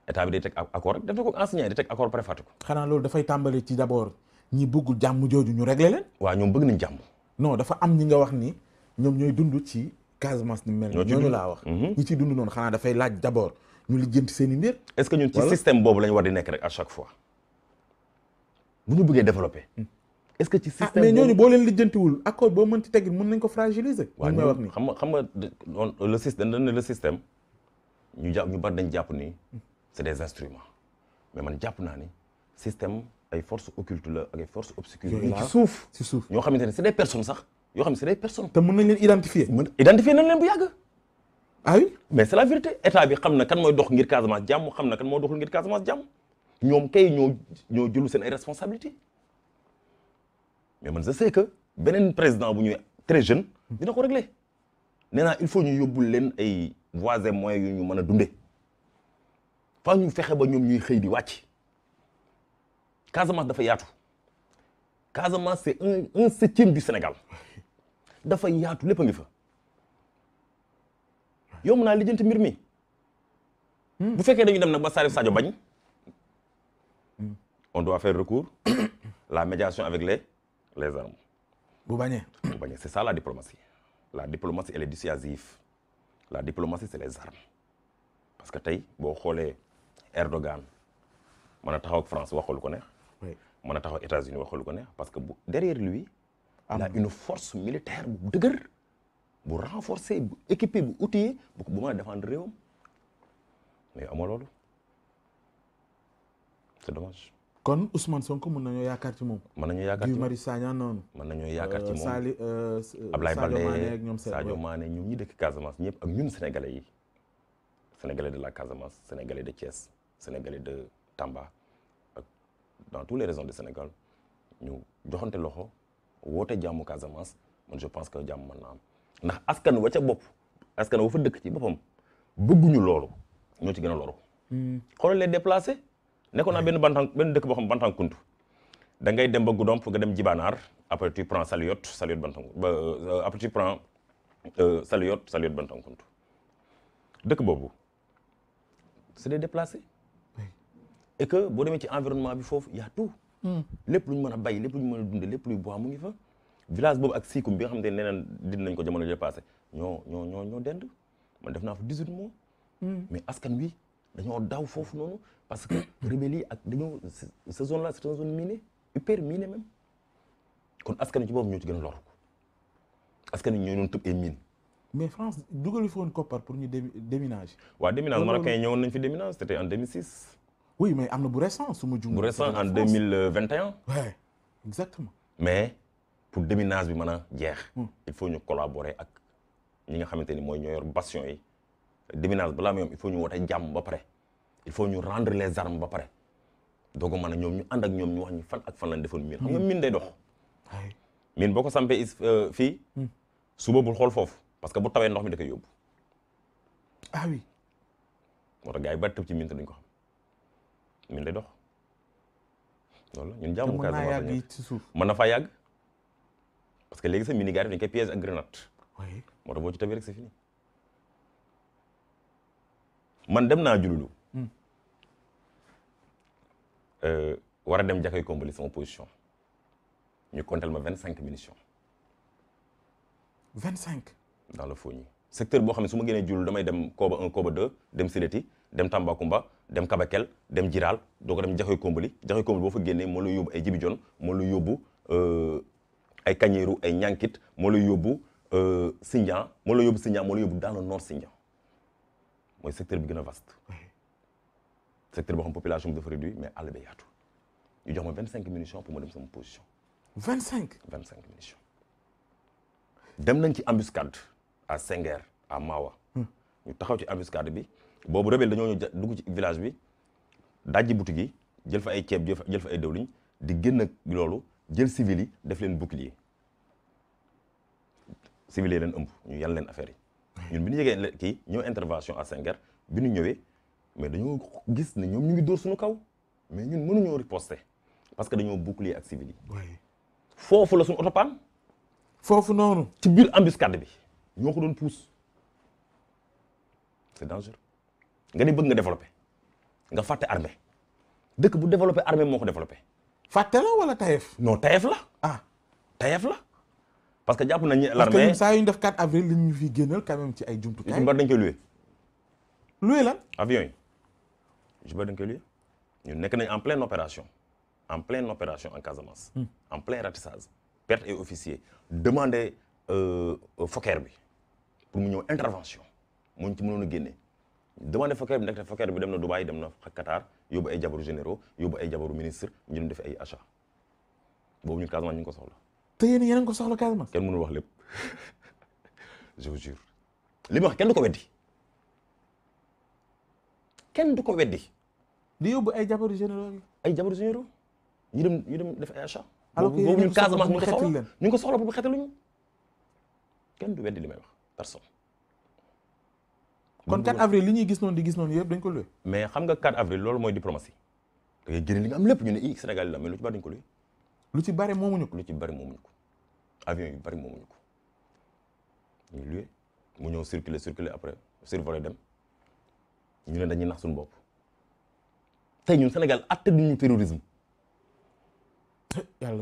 état bi day teg accord rek def na ko enseignant day teg accord préfàtte ko. xanaa loolu dafay tàmbali ci d' abord ñi bëgg jàmm jooju ñu réglé leen. waaw ñoom bëgg nañ jàmm. non dafa am wax ni. ñoom ñooy dund ci Casamance ni mel ñooñu laa wax mhm. ñi ciy dund noonu xanaa dafay laaj d'abord ñu lijjanti seen i mbir est-ce que ñun ci système boobu bu ñu bëggee développer hmm. est-ce que ci ah, système boobu ñooñu boo leen lijjantiwul accord boo mënti teggin mën nañ ko fragiliser waaw xam nga xam nga le système dañ ne le ñu jàpp ñu bari dañ jàpp ni hmm. c'est des instruments mais man jàpp naa ni système ay forces occultes la ak ay forces obscures la suuf ñoo xamante ne c'est des personnes sax yoo xam ne c'est person personnes. te mën nañ leen identifier. mën identifier nañ leen bu yàgg. ah mais c'est la vérité état bi xam na kan mooy dox ngir Casamance jàmm xam na kan moo doxul ngir Casamance jàmm ñoom kay ñoo ñoo jëlu seen ay responsabilités mais man je sais que beneen président bu ñuy très jeunes dina ko régler nee naa il faut ñu yóbbul leen ay voies et moyens yu ñu mën a dundee faa ñu fexe ba ñoom ñuy xëy di wàcc Casamance dafa yaatu Casamance c'est un un septième du Sénégal. dafa yaatu lépp a ngi fa yomb naa lijjanti mbir mi. bu fekkee dañu dem nag ba Salif Sadio bañ. on doit faire recours la médiation avec les les armes. bu bañee bu bañee c'est ça la diplomatie la diplomatie elle est dissuasive la diplomatie c'est les armes parce que tey boo xoolee Erdogan mën taxaw ak France waxul ko neex. mën a taxaw États-Unis waxul ko neex parce que bu derrière lui. am na une force militaire bu dëgër bu renforcé bu équipé bu outillé bu bu mën a défendre réewam mais amoo loolu c'est dommage. kon Ousmane Sonko mën nañoo yaakaar ci moom. mën nañoo yaakaar ci moom Guy Marius Sagna noonu. mën nañoo yaakaar ci euh, moom Sali euh, euh, Ablaye Balde Sadio Mané ñoom ñi dëkk Casamance ñëpp ak ñun sénégalais yi sénégalais de la Casamance sénégalais de Thiès sénégalais de Tamba ak dans toutes les régions du Sénégal ñu joxante loxo. woote jàmmu Casamance man je pense que jàmm mën naa am ndax askan wa ca bopp askan wa fa dëkk ci boppam bëgguñu loolu ñoo ci gën a loru. Hmm. xoolal les déplacés nekkoon naa benn bantan benn dëkk boo xam Bantankountou da ngay dem ba Goudomp nga dem Jibanaar après tu prends Saliote Saliote Bantankountou ba euh, après tu prends Saliote euh, Saliote Bantankountou dëkk boobu c'est des déplacés. et que boo demee ci environnement bi foofu y lépp ñu mën a bay lépp lu ñu mën a dundee lépp luy bois mu ngi fa village boobu ak Sikum bi nga xamante ne neenaan din nañ ko jamono jee passé ñoo noonu parce que rébellie ak la sa zone là c'est une zone minée kon askan wi ci boobu ñoo ci a lor askan wi ñoo doon tëb ay mine mais France dugalu fi woon koppar pour ñu déminage waaw déminage marocain ñëwoon nañ fi déminage c'était en 2006 oui mais am na bu récent su ma juum. bu récent en mille vingt et un. mais pour déminage bi mën a jeex. Hmm. il faut ñu collaborer ak ñi nga xamante ni mooy ñoo yor bastion yi. déminage balaa muy am il faut ñu woote jàmm ba pare. il faut ñu rendre les armes ba pare. doog a mën a ñoom ñu ànd ak ñoom ñu wax ñu fan ak fan lañ defoon miin. xam nga hmm. miin day dox. miin boo ko sampee is euh, fii. Hmm. suba bul xool foofu parce que bu tawee ndox mi da koy yóbbu. ah yi ba tëb ci miin te duñ ko xam. min lay dox loolu la ñun jaamu Casamance la suuf mën na fa yàgg parce que léegi sa mini garab dañu koy piège ak grenade moo tax boo ci tabee rek c'est fini man dem naa jululu hmm. euh, war a dem jakay kombali sama position ñu compter ma vingt cinq munitions vingt cinq dans le Fogny secteur boo xam ne su ma génnee julul damay dem Koba un Koba deux dem Sileti dem Tambacounda dem Kabakel dem Jiraal doo ko dem Jaxoy Kombali Jaxoy Kombali boo fa génnee moo lay yóbbu ay Jibi Jon moo lay yóbbu euh, ay Kañeeru ay Ñankit euh, moo lay yóbbu Sindian moo lay yóbbu Sindian yóbbu dans le nord Sindian mooy secteur bi gën a vaste secteur boo xam population bi dafa réduit mais àll bi yaatu ñu jox ma vingt cinq munitions pour ma dem sama position vingt cinq vingt cinq munitions dem nañ ci embuscade à Senghor a Mawa hmm. ñu taxaw ci embuscade bi boobu rebelle dañoo ñëw dugg ci village bi dajji boutique yi jël fa ay ceeb jël fa ay dëwliñ di génn ak loolu jël civil yi def leen bouclier civil yi leen ëmb ñu yan leen affaire yi ñun bi ñu yegee kii ñëw intervention à Senghor bi nu ñëwee mais dañoo gis ne ñoom ñu ngi dóor suñu kaw mais ñun mënuñoo riposter parce que dañoo bouclier ak civil yi foofu la suñu otopaan foofu noonu ci biir embuscade bi ñoo ko doon pousse c'est dangereux nga ne bëgg nga développé nga fàtte armée dëkk bu développé armée moo ko développé. fàtte la wala tayef. non tayef la ah parce que jàpp nañ ne l'armée parce que saa yu ñu def 4 avril li ñu fi génnal quand même ci ay jumtukaay. yu ci bari dañ koy loué. loué lan. dañ koy ñun nekk nañ en pleine opération en pleine opération en Casamance. Hmm. en plein ratissage perte et officier demander euh, euh, Fokker bi pour mu ñëw intervention moo ñu ci mënoon génne. demandé Fokker bi nekk Fokker bi dem na Dubaï dem na Qatar yóbbu ay jabaru généro yóbbu ay jabaru ministre ñu dem def ay achat boobu ñun Casamance ñu ngi ko soxla. te yéen yéen ko soxla Casamance. kenn mënul wax lépp je li wax kenn du ko weddi kenn du ko weddi. di yóbbu ay jabaru généraux yi. ay jabaru généraux ñu dem ñu dem def ay achat. alors que yéen a ngi ko soxla pour mu xetil leen boobu ñu ko soxla ñu ngi ko soxla kenn du weddi li may wax personne. kon 4 avril li ñuy gis noonu di gis noonu yëpp dañ ko luwe mais nga 4 avril loolu mooy diplomatie da ngay génne li nga am lépp ñu ne i Sénégal la mais lu ci bari dañ ko luwe lu ci bari moomuñu ko lu ci bari moomuñu ko avion yu bari moomuñu ko ñu luwe mu ñëw circuler circuler après survolé dem ñu ne dañuy nax suñu bopp tey ñun Sénégal atte duñu terrorisme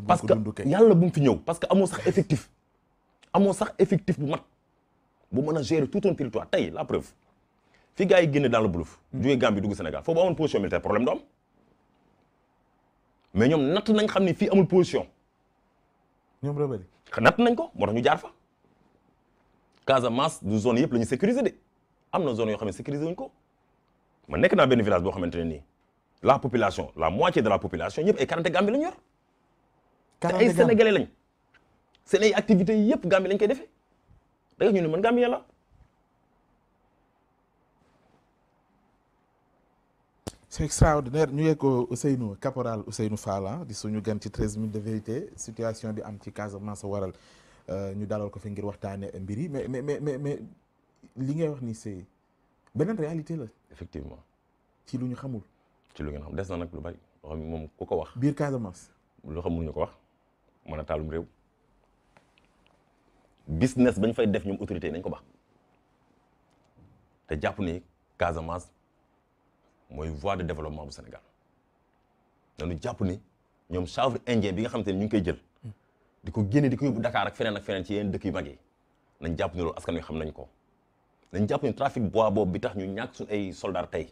parce que yàlla bu mu fi ñëw parce que amoo sax effectif amoo sax effectif bu mat bu mën a gérer tout un territoire tey la preuve fii gars yi génne dans le bluff. jógee Gambie dugg Sénégal foofu amoon position militaire problème du am mais ñoom natt nañ xam ne fii amul position. ñoom rebelle yi. nañ ko moo tax ñu jaar fa. Casamance du zone yëpp la ñu sécuriser de am na zone yoo xam ne sécuriser wuñ ko ma nekk naa benn village boo xamante ne nii la population la moitié de la population ñëpp ay quarante Gambie la ñu yor. te ay sénégalais lañ seen ay activités yëpp Gambie lañ koy defee da nga ñu man Gambien la. c'est extraordinaire ñu ko Ousseynou caporal Ousseynou Fall ah, suñu gan ci 13 minutes situation bi am ci Casamance waral euh, ñu dalal ko fi ngir waxtaane mbir yi mais mais mais mais li ngay wax ni c'est beneen réalité la. effectivement ci lu ñu xamul. ci lu ngeen xam des na nag lu bari loo xam moom ku ko wax. biir Casamance. loo xam mënuñu ko wax mën a taalum réew. business bañ fay def ñoom autorité nañ ko baax te jàpp ni Casamance. mooy voie de développement bu Sénégal dañu jàpp ni ñoom chanvre indien bi nga xamante ni ñu ngi koy jël di ko génne di ko yóbbu Dakar ak feneen ak feneen ci yeneen dëkk yu mag yi nañ jàpp ni loolu askan wi xam nañ ko nañ jàpp ni trafic bois boobu bi tax ñu ñàkk suñu ay soldats tey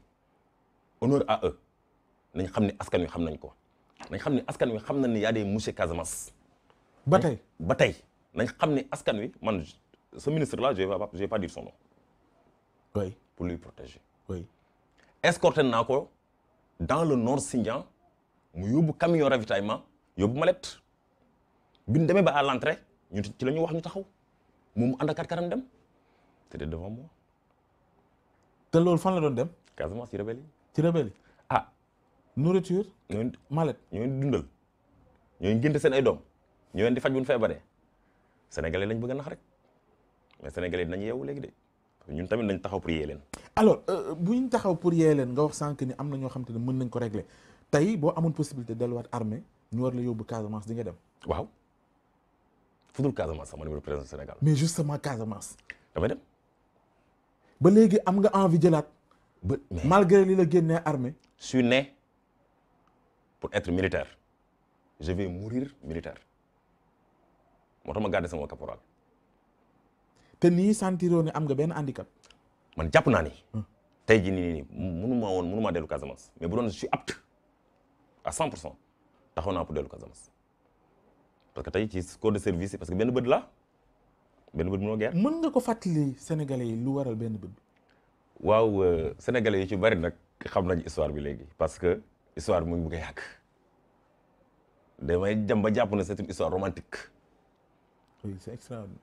honneur xam ni askan wi xam nañ ko nañ xam ni askan wi xam nañ ni y a des monsieur ba tey ba tey nañ xam ni askan wi man ce ministre là je vais pas je vais son nom oui pour lui protéger escorté naa ko dans le nord Sindian mu yóbbu camion ravitaillement yóbbu malet bi ñu demee ba à l'entrée ñu ci la ñu wax ñu taxaw mu ànd ak karam dem c'était devant moi. te loolu fan la doon dem. Casamance ci rebelle yi. ci rebelle yi ah. nourriture. ñooñu mallette ñooñu dundal ñooñu seen ay doom ñooñu di faj bu ñu feebaree sénégalais lañ bëgg a nax rek mais sénégalais dinañ yeewu léegi de. ñun tamit nañ taxaw pour yee leen. alors euh, bu ñu taxaw pour yee leen nga wax sànq ni am na ñoo xam te ne mën nañ ko régler tey boo amoon possibilité delluwaat armée ñu war la yóbbu Casamance di nga dem. waaw fudul Casamance sama numéro président Sénégal. mais justement Casamance. dama dem. ba léegi am nga envie jëlaat. ba malgré li la génnee armée. je suis pour être militaire. je vais mourir militaire moo tax ma garder sama caporal. te nii sentiroo ne am nga benn handicap. man jàpp naa ni. tey jii nii nii munu maa woon munu ma dellu Casamance mais bu doon je suis apte à 100 pour cent taxaw naa pour dellu Casamance parce que tey ci corps de service parce que benn bët la benn bët munoo gerte. mën nga ko fàttali Sénégalais yi lu waral benn bët. waaw euh, Sénégalais yi ci bari nag na nañ histoire bi léegi parce que histoire bi mu ngi bëgg damay dem ba jàpp ne c'est une histoire romantique.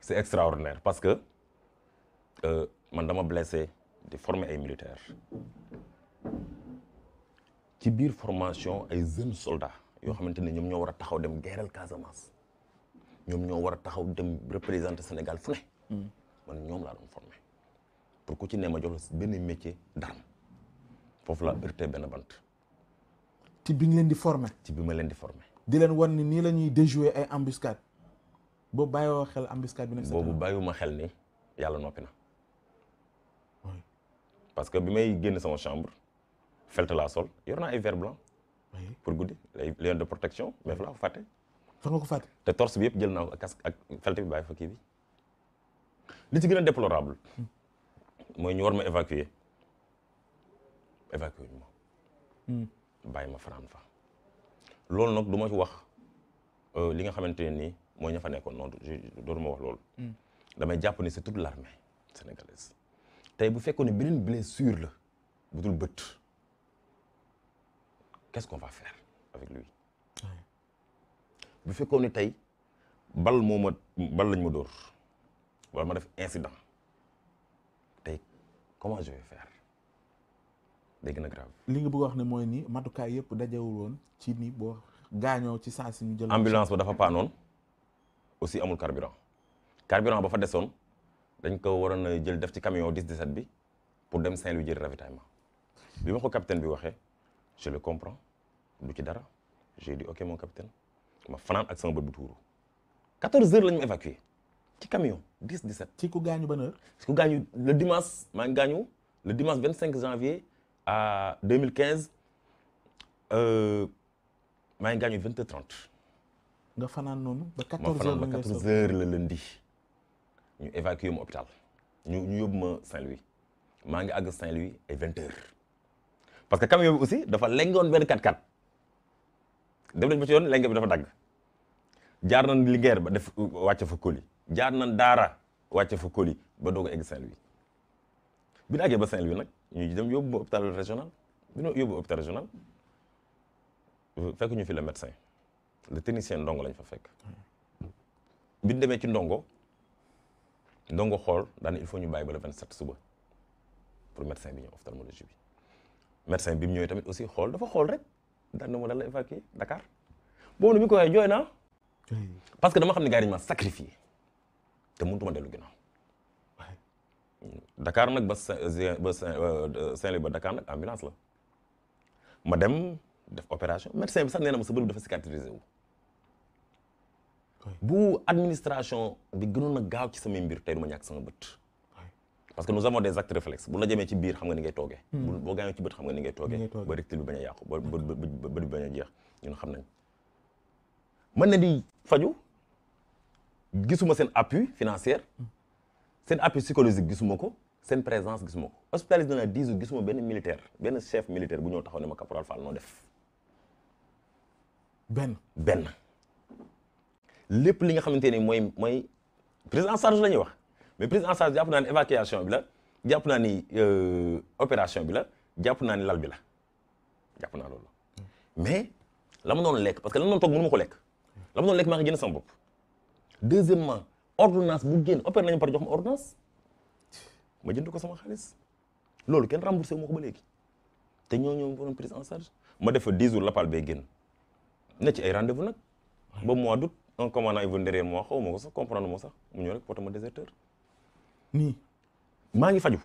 c'est extraordinaire. parce que. Euh, man dama blessé di former ay militaires ci biir formation ay jeunes soldats yoo xamante ne ñoom ñoo war a taxaw dem guerrel Casamance ñoom ñoo war a taxaw dem représenter Sénégal fu hmm. ñoom laa doon formé pour ku ci ne ma jox benn métier d'arme foofu laa heurté benn bant. ci bi ñu leen di formé. ci bi ma leen di formé. di leen wan ni nii la ñuy déjouer ay embuscade boobu bàyyiwoo xel embuscade bi. boobu ma xel ni yàlla noppi na. parce que bi may génn sama chambre felt laa sol yor naa ay verre blanc pour guddi ay de protection mais fa laa ko fàtte fa nga te torse bi yëpp jël naa ko ak casque ak felt bi bàyyi fa kii bi li ci gën a déplorable hmm. mooy ñu war ma évacuer évacuer hmm. bàyyi ma fanaan fa loolu nag du ma wax euh, li nga xamante ne nii mooy ña fa nekkoon noonu dootuma wax loolu hmm. damay jàpp ni c'est toute l'armée sénégalaise tey bu fekkoon ne beneen blessure la bu dul bët qu'est-ce qu'on va avec lui bu fekkoon ne tey bal moo ma bal lañ ma dóor wala ma def incident tey comment je vais faire day gën a grave. li nga bëgg wax ne mooy nii matukaay yëpp dajewul woon ci ni boo gaañoo ci saa si ñu jël ambulance ba dafa paanoon aussi amul carburant carburant ba fa desoon dañ ko waroon a jël def ci camion 10 17 bi pour dem Saint-Louis jël ravitaillement bi ma ko capitaine bi waxee je le comprends du ci dara j'ai dit ok mon capitaine ma fanaan ak sama bët bu tuuru 14 heures la ma évacué ci camion 10 17. ci ku gaañu ban heure. ci ku gaañu le dimanche maa ngi gaañu le dimanche janvier à 2015 euh, maa ngi gaañu 20 heures 30. nga fanaan noonu ba 14 heures ma fanaan heures le lundi. ñu évacué ma hôpital ñu ñu yóbbu ma Saint-Louis maa ngi àgg Saint-Louis ay vingt parce que camion bi aussi dafa lengoon benn 4 kat 4 dem nañ ba ci yoon lenge bi dafa dagg jaar nañ Linguère ba def wàcc fa Coly jaar nañ Daara wàcc fa Coly ba doog a egg Saint-Louis bi ñu àggee ba saint nag ñu dem yóbbu ma hôpital régional bi ñu yóbbu hôpital régional fekk ñu fi le médecin le technicien ndongo lañ fa fekk bi demee ci ndongo. ndongo xool daan il faut ñu bàyyi ba le 27 suba pour médecin bi ñëw ophtalmologie bi médecin bi mu ñëwee tamit aussi xool dafa xool rek daan na ma daan la évacuer Dakar boobu nag mi ko waxee jooy na parce que dama xam ne gars yi dañu ma sacrifié te mënutuma dellu ginnaaw. dakaar nag ba euh, euh, Saint-Louis ba Dakar nag ambulance la ma dem def opération médecin bi sax nee na ma sa bërëb dafa cicatriser wu. bu administration bi gënoon a gaaw ci samay mbir tey du ma ñàkk sama bët. parce que nous sama des actes réflexes bu la jamee ci biir xam nga ni ngay toogee. Hmm. boo gaañoo ci bët xam nga ni ngay toogee. ba rectile bi bañ a yàqu ba bët bi bañ jeex ñun xam nañ mën na di faju gisuma seen appui financier hmm. seen appui psychologique gisuma ko seen présence gisuma ko hospitalisé na dix jours gisuma benn militaire benn chef militaire bu ñëw taxaw ne ma caporal Fall noo def. benn benn. lépp li nga xamante ni mooy mooy prise en charge la ñuy wax mais prise en charge naan naa évacuation bi la jàpp naa ni euh, opération bi la jàpp naa ni lal bi la jàpp naa loolu mais la ma doon lekk parce que la ma doon toog mënu ko lekk la ma doon lekk maa ngi jënd sama bopp deuxièmement ordonnance bu génn opéré nañu par jox ma ordonnance ma jënd ko sama xaalis loolu kenn remboursé wu ma ko ba léegi te ñoo ñoo waroon prise en charge ma def fa 10 jours la pal bay génn na ci ay rendez-vous nag ba mois d'août un commandant est venu derrière moi xaw ma ko sax comprendre moo sax mu ñëw rek poto ma déserteur nii maa ngi faju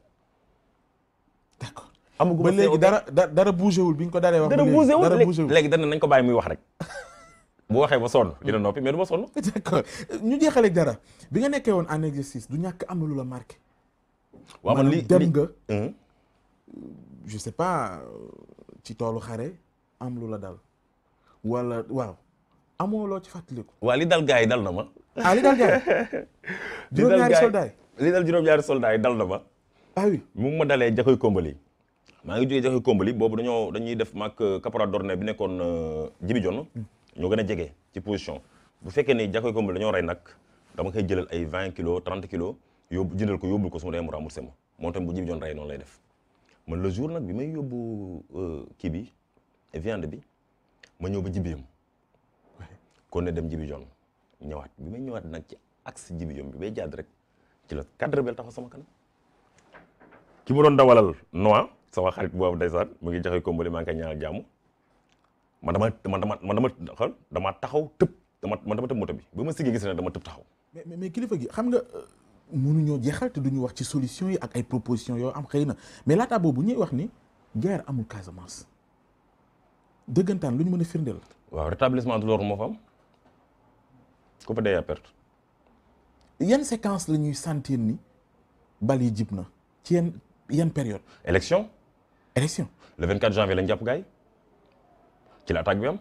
d'accord amagu ba léegi dara dara bougé wul bi ñu ko daree wax dara bougé wul léegi dana nañ ko bàyyi muy wax rek bu waxee ba sonn dina noppi mais du ma sonn d'accord ñu jeexalee dara bi nga nekkee woon en exercice du ñàkk am na lu la marqué waaw man li dem nga je sais pas euh, ci toolu xare am lu la dal wala waaw amoo loo ci fàttaliku. waaw li dal gars yi dal na ma. ah li dal gars yi. li dal juróom-ñaari soldats dal na ma. ah mu ma dalee jaxoy kombali. maa ngi jógee jaxoy kombali boobu dañoo dañuy def maag euh, caporal d'ordonnée bi nekkoon euh, Jibi Jon. Hmm. ñoo gën a jege ci position. bu fekkee ni jaxoy kombali nag dama koy jëlal ay vingt kilos trente kilos yóbbu jëndal ko yóbbul ko su ma demee mu ma moom tamit bu Jibi Jon rey noonu lay def man le jour nag bi may yóbbu euh, kii bi viande bi ma ñëw ba jibiyam kon ne dem Jibi Jong ñëwaat bi may ñëwaat nag ci axe Jibi bi bay jàdd rek ci la cadre bel taxaw sama kanam ki mu doon dawalal noa sama xarit boobu ndeysaan mu ngi joxe kombali maa ngi koy ñaanal jàmm man dama man dama man dama xool dama taxaw tëb dama man dama tëb moto bi ba ma siggee gis ne dama tëb taxaw. mais mais kilifa gi xam nga euh, mënuñoo jeexal te duñu wax ci solution yi ak ay proposition yoo am xëy na mais laata boobu ñuy wax ni guerre amul Casamance dëggantaan lu ñu mën a firndeel. waaw rétablissement de l'ordre moo fa ku fa dee yaa perte. yan séquence la ñuy sentir ni bal yi jib na ci yenn yan période. élection. élection le 24 janvier lañ jàpp gaay ci la attaque bi am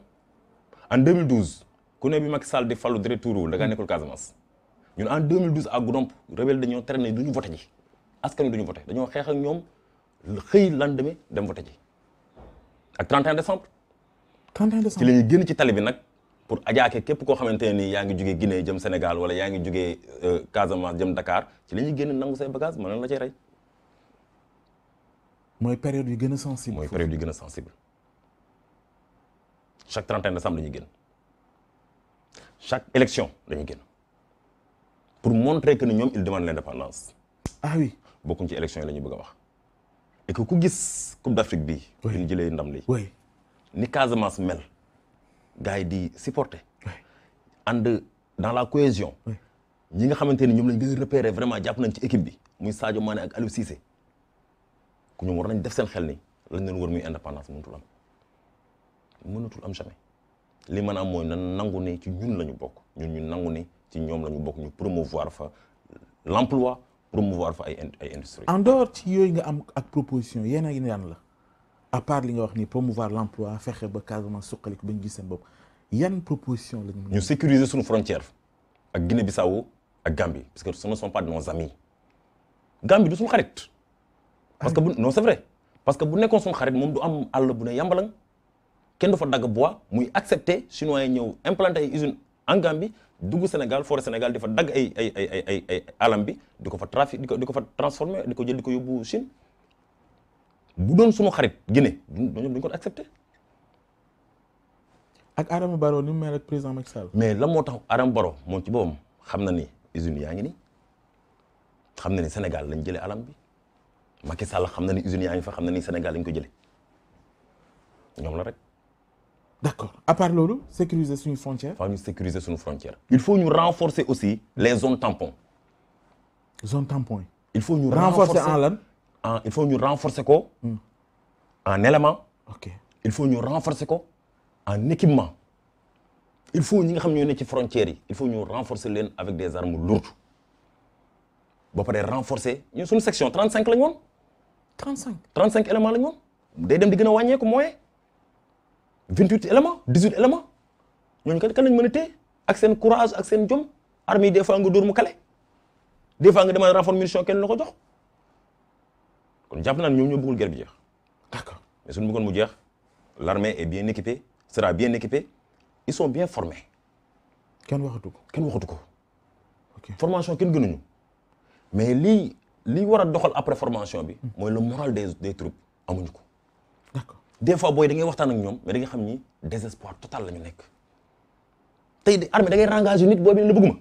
en 2012 ku ne bi Macky Sall di fallu direct tour da ngaa nekkul Casamance ñun en 2012 à Goudomp rebelle dañoo traîné duñu voté ji askan wi duñu voté dañoo xeex ak ñoom xëy lendemain dem voté ji ak 31 décembre. 31 décembre ci ñuy génn ci tali bi nag. pour ajaake képp koo xamante ne nii yaa ngi jugee Guinée jëm Sénégal wala yaa ngi jugee euh, Casamance jëm Dakar ci la ñuy génn nangu say bagage mën na la cay mooy période yi gën a sensible. mooy période yu gën a sensible chaque trentaine décembre la ñuy génn chaque élection la ñuy génn pour montrer que ni ñoom ils demandent l'indépendance. ah oui bokkuñ ci élection yi la ñu bëgg a wax. et ku gis Coupe d'Afrique bi. oui ñu jëlee ndam li. oui ni Casamance mel. gars yi di supporter. ànd dans la cohésion. ñi nga xamante ni ñoom lañ gën a repérer vraiment jàpp nañ ci équipe bi muy Sadio Mané ak Aliou Cissé ku ñoom war nañ def seen xel ni lañ leen war muy indépendance mënatul am mënatul am jamais li mën am mooy nan nangu ne ci ñun la ñu bokk ñun ñu nangu ni ci ñoom lañu bokk ñu promouvoir fa l'emploi promouvoir fa ay ay industrie en dehors ci yooyu nga am ak proposition yeneen yeneen la. à part li nga wax ni promouvoir l' emploi fexe ba Casamance suqaliku ba ñu gis seen bopp yan proposition la ñu. ñu sécuriser suñu frontière ak Guinée Bissau ak Gambie parce que ce ne sont pas de nos amis Gambie du suñu xarit. parce que bu non c' parce que bu nekkoon suñu xarit moom du am àll bu ne yàmbalang kenn du fa dagg bois muy accepter chinois yi ñëw implanter ay usines en Gambie dugg Sénégal forêt Sénégal di fa dagg ay ay ay ay ay alam bi di ko fa trafic di ko di ko fa transformer di ko jël di ko yóbbu Chine. bu doon suma xarit Guinée duñ ko accepté. ak Adama Barrow ni mu mel ak président Macky mais la moo tax Adama Barrow moom ci boppam xam na ni usines yaa ngi nii xam na ni Sénégal lañ jëlee alam bi Macky Sall xam na ni usines yaa ngi fa xam na ni Sénégal lañ ko jëlee ñoom la rek. d'accord à part loolu sécuriser suñu frontière. faaw ñu sécuriser suñu frontière. il faut ñu renforcer aussi les zones tampons. zone tampon yi. il faut ñu renforcer renforcer en lan. en il faut ñu renforcer ko. Hmm. en élément. ok il faut ñu renforcer ko en équipement. il faut ñi nga xam ñoo ne ci frontières yi il faut ñu renforcer leen avec des armes lourdes ba pare renforcer ñun suñu section cinq la ñu woon. 35 35 éléments la ñu woon. day dem di gën a wàññeeku moyen 28 éléments 18 éléments ñooñu kat kan lañ mën a téye ak seen courage ak seen jom armée yi des fois nga dóor mu kale des fois nga demal renfort munition kenn la ko jox. kon jàpp naa ne ñoom ñoo bëggul bi jeex d'accord mais suñu mu jeex l'armée est bien équipée sera bien équipée ils sont bien formés. kenn waxatu ko kenn waxatu ko. formation kenn gënuñu mais lii lii war a doxal après formation bi. Hmm. mooy le moral des des troupes amuñu ko. d'accord des fois booy da ngay waxtaan ak ñoom mais da nga xam ni désespoir total la ñu nekk tey armée da ngay rengagé nit boobu ne la bëgguma.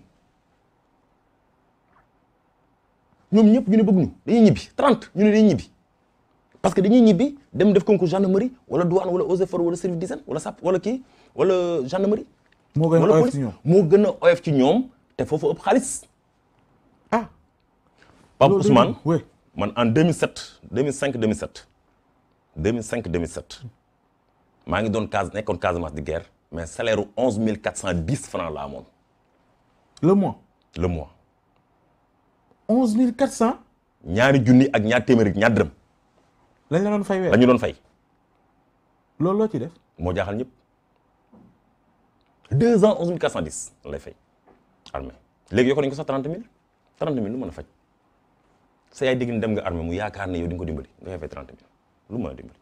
ñoom ñëpp ñu ne bëgg ñu dañuy ñibbi 30 ñu ne dañuy ñibbi parce que dañuy ñibbi dem def concours gendarmerie wala douane wala eaux et forêts wala service d'hygiène wala sap wala kii wala gendarmerie. moo gën a oyof ci moo gën a oyof ci ñoom te foofu ëpp xaalis. ah. Pape man man en 2007 2005 2007 2005 2007 maa ngi doon case nekkoon Casamance di guerre mais salaire ru 11 410 francs la amoon. le mois le mois. onze mille quatre cent. ñaari junni ak ñaar téeméer ak ñaar dërëm. lañ la doon fay lañu doon fay. loolu loo ci def. moo jaxal ñëpp deux ans onze mille quatre cent dix lay fay armée léegi yokk nañ ko sax trente mille trente mille lu mën a faj sa yaay dégg ni dem nga armée mu yaakaar ne yow di ko dimbali nga koy fay trente mille lu mën a dimbali.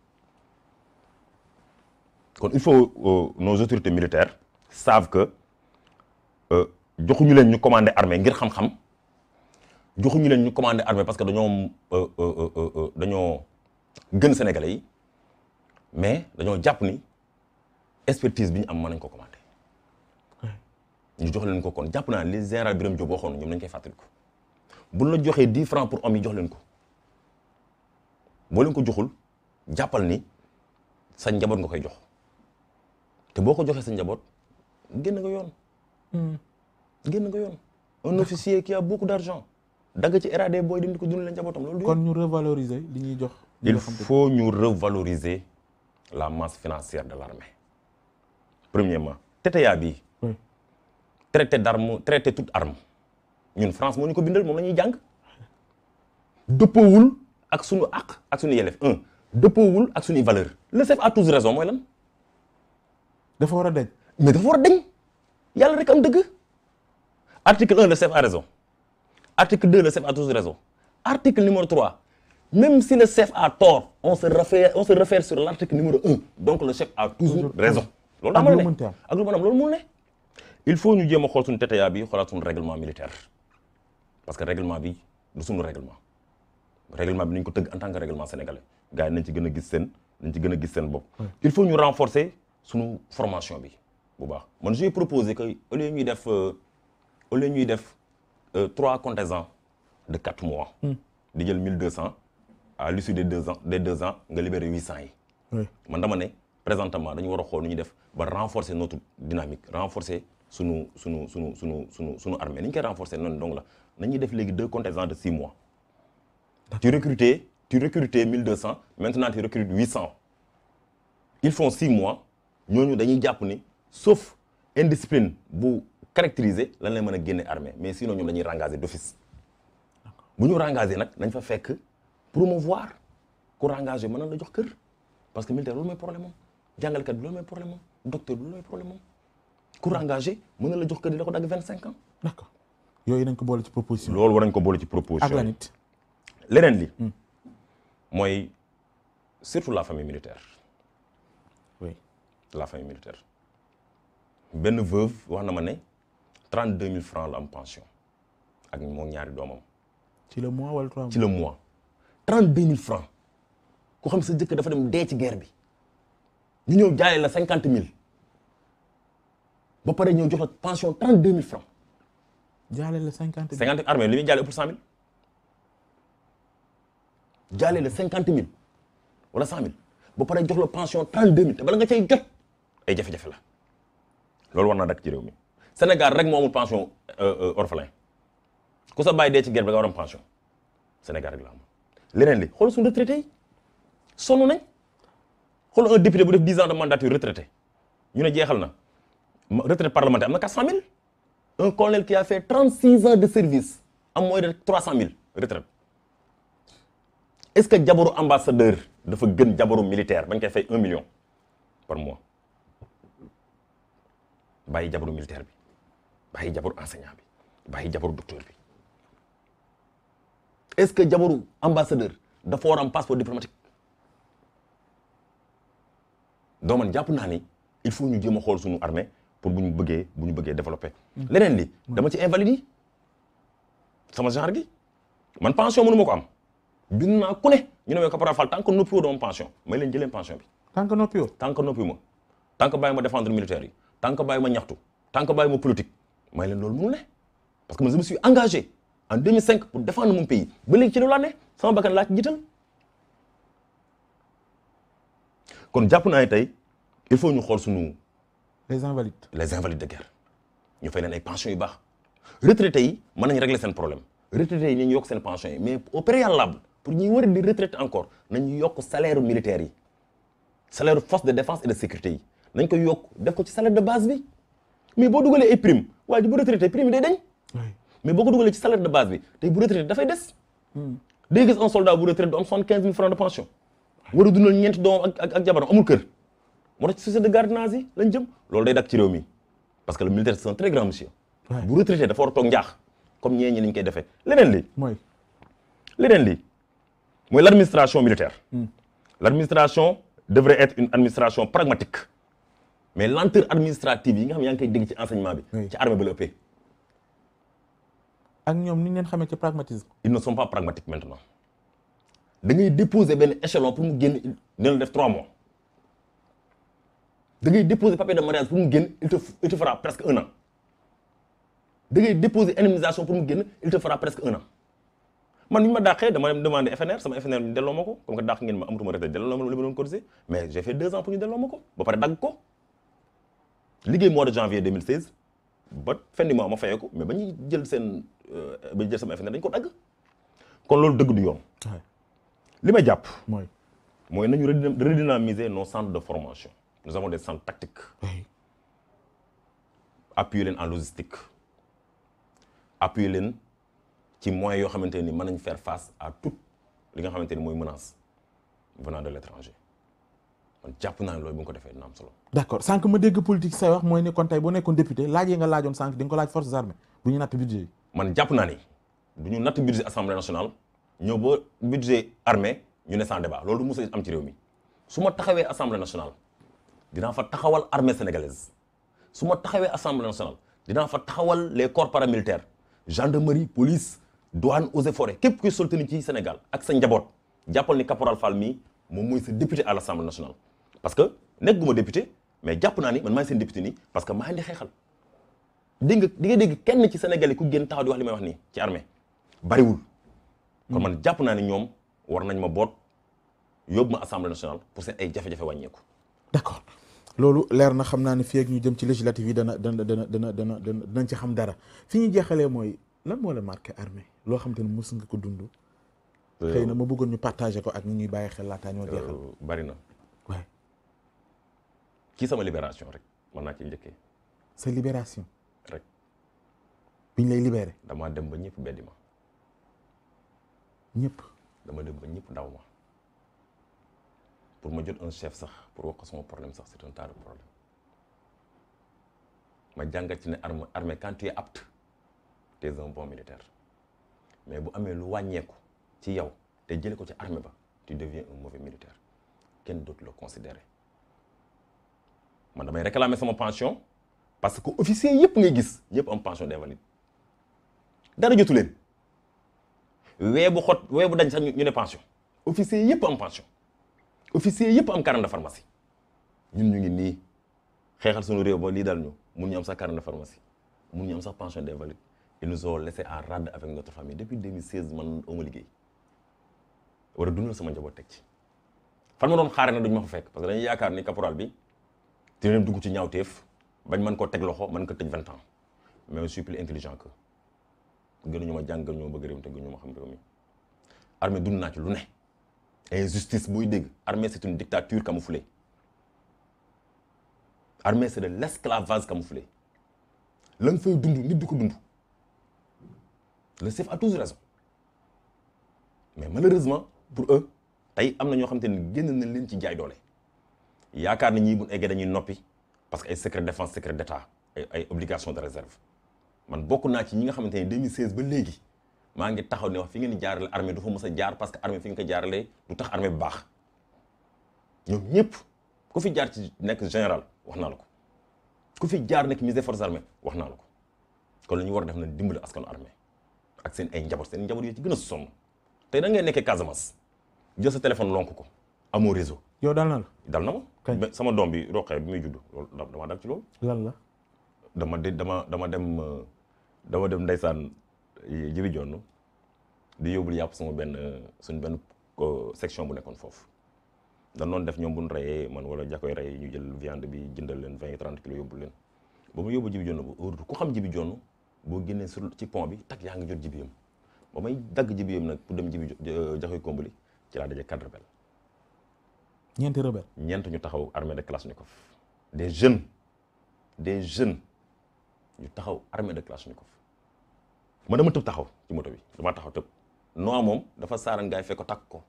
kon il faut euh, nos autorité militaires savent que euh, joxuñu leen ñu commander armée ngir xam-xam. joxuñu leen ñu commandé armée parce que dañoo euh, euh, euh, dañoo gën Sénégalais mais dañoo jàpp ni expertise bi ñu am mën nañ ko commandé ñu jox leen ko kon jàpp naa li général Birame joboo waxoon ñoom nañ koy fàttaliku buñ la joxee dix francs pour homme yi jox leen ko boo leen ko joxul jàppal ni sa njaboot nga koy jox te boo ko joxee sa njaboot génn nga yoon hmm. génn nga yoon un officier qui a beaucoup d'argent dagg ci RAD booy dindi ko dund la njabootam loolu. kon ñu revaloriser li ñuy jox. il faut ñu revaloriser la masse financière de l' armée premièrement TTA bi. traité d' arme traité toute arme ñun France moo ñu ko bindal moom la ñuy jàng dëppoowul ak sunu àq ak suñu yelef un dëppoowul ak suñuy valeur le chef a toujours raison mooy lan. dafa war a dañ. mais dafa war a dañ yàlla rek am dëgg article un le chef a raison. Article 2, le chef a toujours raison. Article numéro 3, même si le chef a tort, on se réfère, on se réfère sur l'article numéro 1. Donc le chef a toujours raison. loolu daa mën ne mun ne il faut ñu jéem a xool suñu TTA bi xoolaat suñu règlement militaire parce que reglement bi du reglement règlement règlement bi nañ ko tëgg en tant que règlement sénégalais gars yi nañ ci gën gi gis seen nañ ci gën gis seen bopp il faut ñu renforcer suñu formation bi bu baax man j'ai proposé que au lieu ñuy def euh, au lieu ñuy def Euh, trois contingents de quatre mois. Hmm. di jël mille deux cent à l'issue de deux ans des deux ans nga libéré huit cent yi. man dama ne présentement dañu war a xool nu ñuy def ba renforcer notre dynamique renforcer sunu sunu sunu sunu sunu sunu armée ni ñu koy renforcer noonu donc la nañuy def léegi deux contingents de six mois. tu recrutais tu recrutais mille deux cent maintenant tu recrutes huit cent. ils font six mois ñooñu dañuy jàpp ni sauf indiscipline bu. caractériser lan lay mën a génne armée mais sinon ñoom dañuy rengager d'office bu ñu rengager nag nañ fa fekk promouvoir ku rengager mën na la jox kër parce que militaire loolu mooy problème moom jàngalkat bi loolu mooy problème moom docteur bi ku rengager mën na la jox kër di la ko dagg vingt cinq ans d'accord yooyu nañ ko boole ci proposition loolu war ko boole ci proposition ak la nit leneen li hmm. mooy surtout la fami militaire oui la famille militaire benn veuve wax na ma ne trente deux mille francs la am pension ak moom ñaari doomam. ci le mois wala ci le mois. trente deux mille francs ku xam sa jëkk dafa dem dee ci guerre bi ñu ñëw jaale la cinquante mille ba pare ñëw jox la pension trente deux mille francs. jaale la cinquante mille cinquante armée li muy jaale pour cent mille. jaale la cinquante mille wala cent mille ba pare jox la pension trente deux mille te bala nga cay jot ay jafe-jafe la loolu war naa dakk ci réew mi. Sénégal rek moo amul pension euh, euh, orphelin ku sa bàyyi dee ci guerre bi nga pension Sénégal rek la amul leneen li xool suñu retraité yi sonn nañ xool un député bu def 10 ans de mandature retraité ñu ne jeexal na retraite parlementaire am na 400000 un colonel qui a fait 36 ans de service am mooy de 300000 retraite est-ce que jabaru ambassadeur dafa gën jabaru militaire bañ koy fay 1 million par mois bàyyi jabaru militaire bi. bàyyi jabaru enseignant bi bàyyi jabaru docteur bi est-ce que jabaru ambassadeur dafa war am passeport diplomatique donc man jàpp naa ni il faut ñu jéem a xool suñu armée pour bu ñu bëggee bu ñu bëggee développer. Mm. leneen li mm. dama ci invalide yi sama genre gi man pension mënu ma ko am bind naa ku ne ñu ne ma caporal Fall tant que noppiwoo doo am pension may leen jëleen pension bi. tant que noppiwoo tant que noppiwu ma tant que bàyyi ma défendre militaire yi tant que bàyyi ma ñaxtu tant que bàyyi ma politique. may leen loolu mënul ne parce que man je me suis engagé en 2005 pour défendre mon pays ba léegi ci loolu laa ne sama bakkan laa ci jiital kon jàpp naa ne tey il faut ñu xool suñu. les invalides les invalides de guerre ñu fay leen ay pensions yu baax retraités yi mën nañu régler seen problème retraités yi nañu yokk seen pensions yi mais au préalable pour ñuy war di retraite encore nañu yokk salaire militaire yi salaire force de défense et de sécurité yi nañ ko yokk def ko ci salaire de base bi mais boo dugalee ay waa ji bu retraité prime yi day dañ mais boo ko dugalee ci salaire de base bi tey bu retraité dafay des hmm. day gis un soldat bu retraité du am quinze mille francs de pension war a dundal ñeenti doomam ak ak ak jabaram amul kër moo tax ci société de gardiennage yi lañ jëm loolu day dak ci réew mi parce que le militaire c'est un très grand monsieur bu retraité dafa war a toog njaax comme ñee ñi ni ñu koy defee leneen lii mooy leneen lii mooy l' administration militaire hmm. l' administration devrait être une administration pragmatique mais lenteur administrative yi nga xam yaa ngi koy dégg ci enseignement bi. ci armée ba la ëppee. ak ñoom ni ñu leen xamee ci pragmatisme. ils ne sont pas pragmatiques maintenant da ngay déposer benn échelon pour mu génn def trois mois da ngay déposer papier de mariage il te il presque un an da ngay déposer mu génn il te fera presque un man bi ma dàqee dama FNR sama FNR ñu delloo ma ko comme que dàq ngeen ma amatuma retraite delloo ma ma doon cotiser mais j'ai fait deux ans pour ñu delloo ma ko ba pare dagg ko. liggéey mois de janvier 2016 ba fin du mois ma fayee ko mais ba ñuy jël seen euh, ba ñuy jël sama FNR dañ ko dagg kon loolu dëgg du yoon. li ma jàpp. mooy mooy nañu redynamiser nos centres de formation nous avons des centres tactiques. appuyer leen en logistique appuyer leen ci moyens yoo xamante ni mën nañ faire face à tout li nga xamante ni mooy menace venant de l' étranger. kon jàpp naa ne loolu bu ñu ko defee dina am solo. d' accord sànq ma dégg politique say wax mooy ne kon tey boo nekkoon député laajee bu ñu natt budget yi. man jàpp naa ni du ñu natt budget assemblée nationale ñëw ba budget armée ñu ne sans débat loolu mos a am ci réew mi su ma taxawee assemblée nationale dinaa fa taxawal armée sénégalaise su ma taxawee assemblée nationale dinaa fa taxawal les corps paramilitaires gendarmerie police douane eaux et forêt képp kuy soltani ci Sénégal ak sa njaboot jàppal ni caporal Fall mii moom mooy sa député à l' assemblée nationale. parce que nekk gu ma député mais jàpp naa ni man maa ngi seen député nii parce que maa ngi di xeexal di nga di nga dégg kenn ci sénégalais ku génn taxaw di wax li may wax nii ci armée bariwul kon man jàpp naa ni ñoom war nañ ma boot yóbbu ma assemblée nationale pour seen ay jafe-jafe wàññeeku d'accord loolu leer na xam naa ne fii ak ñu jëm ci législative yi dana dana dana dana dana danañ ci xam dara fi ñu jeexalee mooy lan moo la marqué armée loo xam te ne mos nga ko dund euh, xëy na ma bëggoon ñu partagé ko ak ñi bàyyi xel ñoo euh, bari na ci sama libération rek mën naa ci njëkkee. sa libération. rek. biñ lay libéré. damaa dem ba ñëpp beddi ma. ñëpp. dama dem ba ñëpp daw ma pour ma jot un chef sax pour wax ko sama problème sax c'est un tas problème ma jàngat ci ne arme armée quand apt es apte militaire mais bu amee lu wàññeeku ci yow te jële ko ci armée ba tu deviens un mauvais militaire kenn dootu la considérer man damay réclamer sama pension parce que officier yëpp ngay gis ñëpp am pension d'invalide dara jotu leen wee bu xot wee bu dañ sax ñu ne pension officier yëpp am pension officier yëpp am carnet de ñun ñu ngi nii xeexal suñu réew ba lii daal ñu mun ñu am sax carnet de pharmacie mun ñu am sax pension d'invalide ils nous ont laissé en rade avec notre famille depuis 2016 man ma liggéey war a dundal sama njaboot teg ci fan ma doon xaare na duñ fekk parce que dañuy yaakaar ni caporal bi dina leen dugg ci ñaawteef bañ man koo teg loxo man ko tëj vingt ans mais je suis plus intelligent que gënuñu ma jàng gënuñu ma bëgg réew mi te gënuñu ma xam réew mi armée dund naa ci lu ne injustice booy dégg armée c'est une dictature camouflée armée c'est de l'esclavage camouflé la lan fay dund nit du ko dund le chef a toujours raison mais malheureusement pour eux tey am na ñoo xam te ni génn nañ leen ci jaay doole. yaakaar na ñii bu eggee dañuy noppi parce que ay secret défense secret d'état ay obligation de réserve man bokk naa ci ñi nga xamante ne 2016 ba léegi maa ngi taxaw ne wax fi ngeen di jaarale armée du fa a jaar parce que armée fi nga ko jaaralee du tax armée baax ñoom ñëpp ku fi jaar ci nekk général wax naa la ko ku fi jaar nekk ministre des forces armées wax naa la ko kon la war def na dimbali askanu armée ak seen ay njaboot seen njaboot yoo ci gën a sonn te da ngay nekkee Casamance jël sa téléphone lonk ko amoo réseau yow dal na la. dal na ma. kañ sama doom bi roqee bi muy judd loolu dama dal ci loolu. lan la. dama de dama dama dem euh, dama dem ndeysaan euh, jëri jonn di yóbbul yàpp sama benn euh, suñ benn section bu nekkoon foofu dañ doon def ñoom bu ñu reyee man wala jakoy rey ñu jël viande bi jëndal leen vingt trente kilos yóbbul leen ba mu yóbbu jibi jonn bu heure ku xam jibi jonn boo génnee sur ci pont bi tak yaa ngi jot jibiyam ba may dagg jibiyam nag pour dem jibi jakoy kombali ci laa daje cadre bel ñeenti rebelle ñeent ñu taxaw armée de Kalachnikov des jeunes des jeunes ñu taxaw armée de Kalachnikov ma dama tëb taxaw ci moto bi damaa taxaw tëb noo moom dafa saaran gaay fekk ko takk ko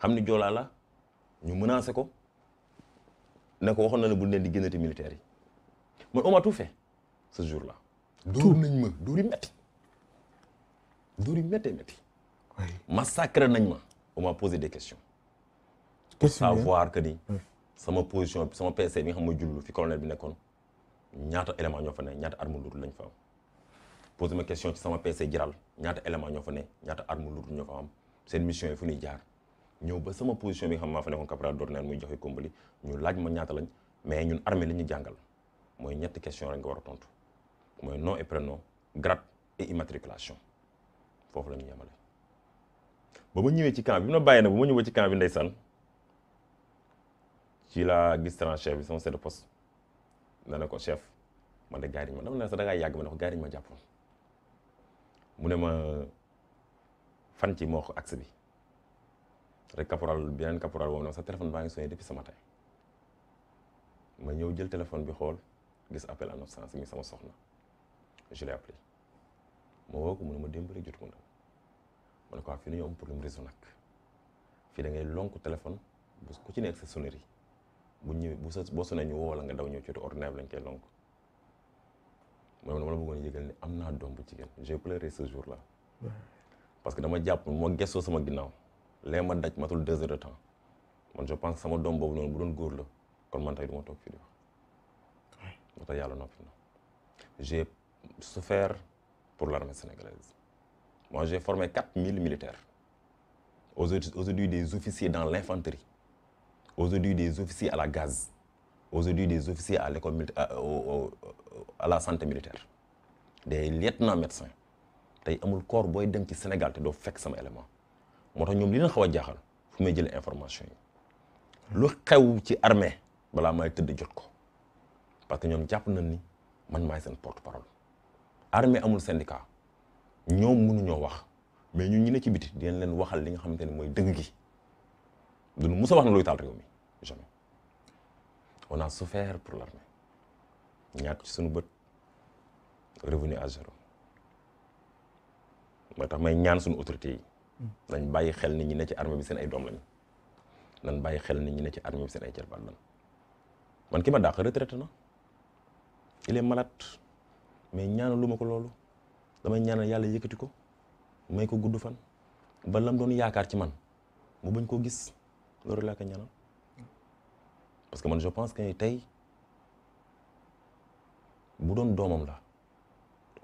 xam ni joolaa la ñu menacé ko ne ko waxoon na ne bu leen di génnati militaires yi man on m'a tout fait ce jour là dóor nañ ma dóor yi métti dóor yi méttee métti nañ ma on m'a posé des questions pour savoir que ni hmm. sama position sama PC bi nga xam mooy jullu fi colonel bi nekkoon ñaata élément ñoo fa ne ñaata arme lourde lañ fa am posé question ci sama PC jiral ñaata élément ñoo fa ne ñaata arme lourde ñoo am seen mission yi fu ñuy jaar ñëw ba sama position bi nga xam maa fa ne nekkoon caporal d'ordinaire muy joxe kombali ñu laaj ma ñaata lañ mais ñun armée li ñu jàngal mooy ñetti question rek nga war a tontu mooy nom et prénom grade et immatriculation foofu la ñu yemale ba ma ñëwee ci camp bi bi ma bàyyi na ba ma ñëwee ci ci laa gis sama chef bi sama chef de poste dana ko chef man de gaari ma dama ne sax da yàgg ma ne ko gaari ma jàppoon mu ne ma fan ci moo ko axe bi rek caporal beneen caporal boobu nag sa téléphone baa ngi sonné depuis ce matin ma ñëw jël téléphone bi xool gis appel en absence mi sama ma woo ko mu ne ma démb rek jotuma ndaw ma ne ko waa ah, fii dañoo am problème réseau nag fii da lonk téléphone bu ku ci nekk sa sonnerie bu ñëwee bu sa boo sonee ñu woo la nga daw ñëw ci ordinaire lañ koy lonk mooy man ma la bëggoon yëgal ni am naa doom bu jigéen j'ai pleuré ce jour là. parce que dama jàpp moo gëstoo sama ginnaaw lee ma daj matul deux heures de temps man je pense sama doom boobu noonu bu doon góor la kon man tey du ma toog fii di wax. ba tey yàlla noppi na j'ai souffert pour l'armée sénégalaise moi j'ai formé quatre mille militaires aujourd'hui aujourd'hui des officiers dans l'infanterie aujourd'hui des officiers à la gaz, aujourd'hui des officiers à l'école à, euh, à la santé militaire des lieutenants médecins tey amul corps booy dem ci Sénégal te doo fekk sama élément moo tax ñoom li leen xaw a jaaxal fu may jëlee information yi lu xew ci armée balaa may tëdd jot ko parce que ñoom jàpp nañ ni man maay seen porte parole armée amul syndicat ñoom ñoo wax mais ñun ñi ne ci biti dinañ leen waxal li nga xamante ne mooy dëgg gi. du nu mus a wax ne luy taal réew mi jamais on a souffert pour l'armée ñàkk ci suñu bët revenu à zéro tax may ñaan suñu autorités yi nañ bàyyi xel ni ñi ne ci armée bi seen ay doom lañ nan bàyyi xel ni ñi ne ci armée bi seen ay jarbaat lañu man ki ma dàq retraité na il malat malade ñaan ñaanalu ma ko loolu damay ñaan yàlla yëkkati ko may ko gudd fan ba lam doon yaakaar ci man mu bañ koo gis loolu laa ko ñaanal parce que man je pense que tey bu doon doomam la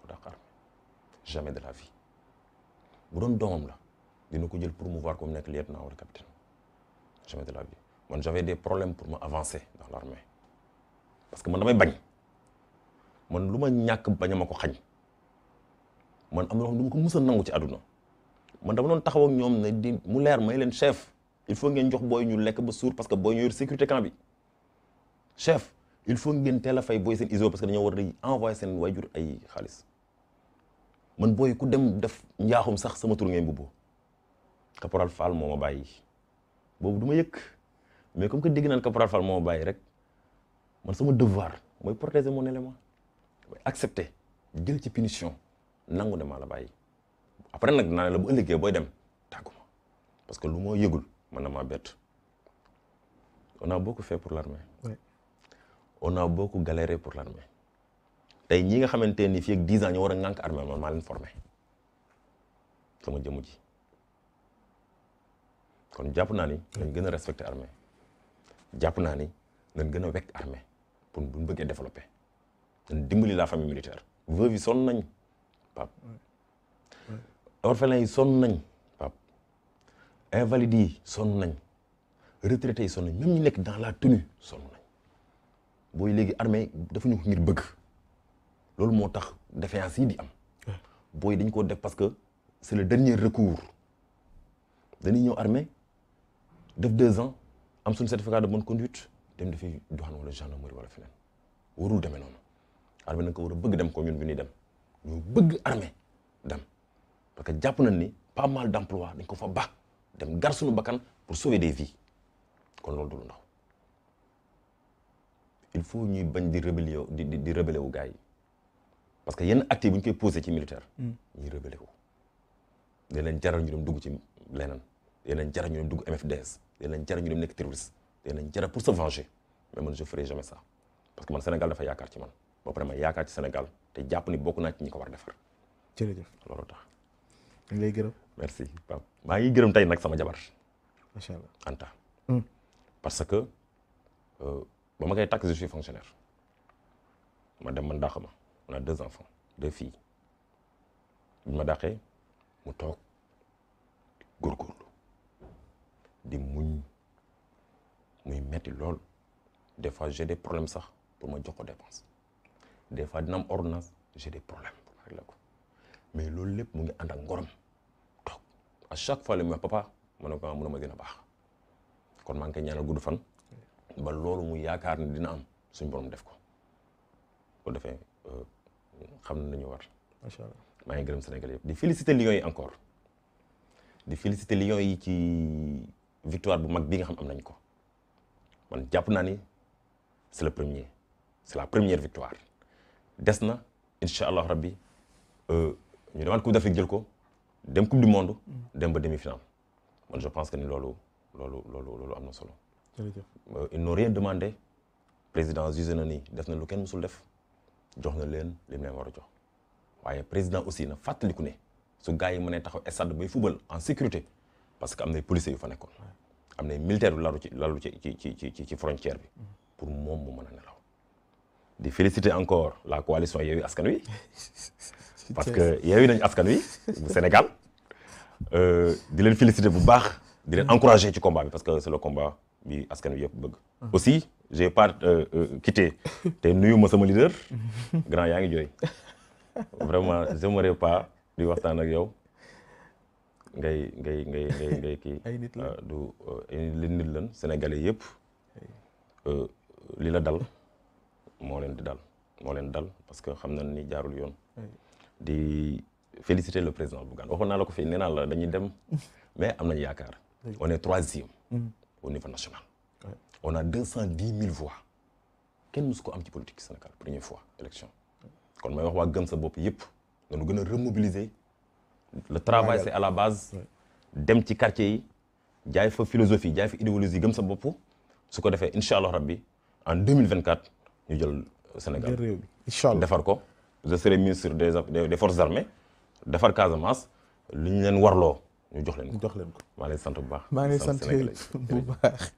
ko dàq de la vie bu doon doomam la dina ko jël promouvoir mu nekk lieutenant wala capitaine jamais de la vie man j'avais des problèmes pour ma avancer dans l'armée parce que man damay bañ man lu ma ñàkk bañ a ma ko xañ man am na loo xam ma ko mës a nangu ci àdduna man dama doon taxaw ñoom ne di mu leer may leen chef il faut ngeen jox booy ñu lekk ba suur parce que booy ñu yor sécurité camp bi chef il faut ngeen teel a fay booy seen iso parce que dañoo war a envoyé seen waajur ay xaalis man booy ku dem def njaaxum sax sama tur ngay mbubboo caporal Fall moo ma bàyyi boobu du ma yëkk mais comme que dégg naan caporal Fall moo ma bàyyi rek man sama devoir mooy protéger mon élément mooy accepter jël ci punition nangu ne maa la bàyyi après nag dinaa la bu ëllëgee booy dem tàggu ma parce que lu moo yëgul man na maa bett on a beaucoup fait pour l'armée ouais. on a beaucoup pour l'armée tey ñi nga xamante ni fii ak war a ŋànk armée man maa leen sama jëmu ji kon jàpp naa ni nañ gën a respecté armée jàpp naa ni nañ gën a wekk armée pour buñ bëggee développé nañ dimbali la famille militaire veuve yi sonn nañ yi sonn nañ invalides yi sonn nañ retraités yi sonn nañ même ñu nekk dans la tenue sonn nañ booy léegi armee dafa ñu ko ngir bëgg loolu moo tax défaillance yi di am booy dañ ko def parce que c'est le dernier recours dañuy ñëw armée def deux ans am suñu certificat de bonne conduite dem defi douane wala gendarmerie wala feneen warul demee noonu armée nag ko war bëgg dem ko ñun bi ñuy dem ñu bëgg armée dem parce que jàpp nañ ni pas mal d'emploi dañ ko fa ba dem gar suñu bakkan pour sauver des vies kon loolu dulu lu ndaw il faut ñuy bañ di rébellé di di rébellé wu gars yi parce que yenn actes yi bu ñu koy posé ci militaire. Hmm. ñuy rébellé wu. dina leen jaral ñu dem dugg ci leneen dina leen jaral ñu dem dugg MFDS dina leen jaral ñu dem nekk terroriste dina leen jaral pour se venger mais man je ferai jamais ça parce que man Sénégal dafa yaakaar ci man ba pare ma yaakaar ci Sénégal te jàpp ni bokk naa ci ñi ko war a defar. jërëjëf loolu tax. dañ lay gërëm. merci Pape maa ngi gërëm tey nag sama jabar. macha allah Anta. Mm. parce que euh, ba ma koy takk je suis fonctionnaire ma dem man dàq ma on a deux enfants deux filles ma dàqee mu toog góorgóorlu di muñ muy metti lool des fois j'ai des problèmes sax pour ma jox ko dépense des fois dina am ordonnance j'ai des problèmes pour ko mais loolu lépp mu ngi ànd ak ngorom. à chaque fois li mu wax papa ma ne ko ah, mu ne ma dina baax kon maa ngi koy ñaanal gudd fan ba loolu mu yaakaar ne dina am suñ suñu borom def ko bu defee euh, xam na ñu war. macha allah maa ngi gërëm Sénégal yëpp di féliciter Lions yi encore di féliciter Lions yi ci victoire bu mag bi nga xam am nañ ko man jàpp naa ni c'est le premier c'est la première victoire des na incha allah rabbi euh, ñu demaat Coupe d'Afrique jël ko. dem coupe du monde. Mm. dem ba demi-finale. man je pense que ni loolu loolu loolu am na solo. jërëjëf euh, ils n'ont rien demandé président jugé na ni def na lu kenn musul def jox na leen li mu leen war a jox waaye président aussi na fàttaliku ne su gaa yi mënee taxaw stade bay football en sécurité parce que am nay police yu fa nekkoon. am na nay militaire yu lalu ci lalu ci ci ci ci ci frontière bi. Mm. pour moom mu mën a nelaw. di féliciter encore la coalition yooyu Askan Wi. parce que yeewi nañu askan wi bu Sénégal euh, di leen féliciter bu baax di leen encourager ci combat bi parce que c'est le combat bi askan wi yëpp bëgg. Ah. aussi j'ai pas euh, euh te nuyu ma sama leader yaa ngi jooy vraiment j'aimerais pas di waxtaan ak yow ngay ngay ngay ngay ngay kii. ay nit la euh, du ay nit lan Sénégalais yëpp li la dal moo leen di dal moo leen dal parce que xam na ni jaarul yoon. di féliciter le président Bougane waxoon naa la ko fii nee naa la dañuy dem mais am nañu yaakaar on est troisième mm. au niveau national on a deux cent dix mille voix kenn mësu ko am ci politique Sénégal première fois élection kon may wax waa gëm sa bopp yëpp nañu gën a remobiliser le travail c'est à la base dem ci quartier yi jaay fa philosophie jaay fa idéologie gëm sa bopp su ko defee incha allah rabbi en 2024 ñu jël Sénégal defar ko je serai ministre des des forces armées defar Casamance li ñu leen warloo ñu jox leen ko. jox leen ko maa lay sant bu baax. maa ngi lay sant bu baax.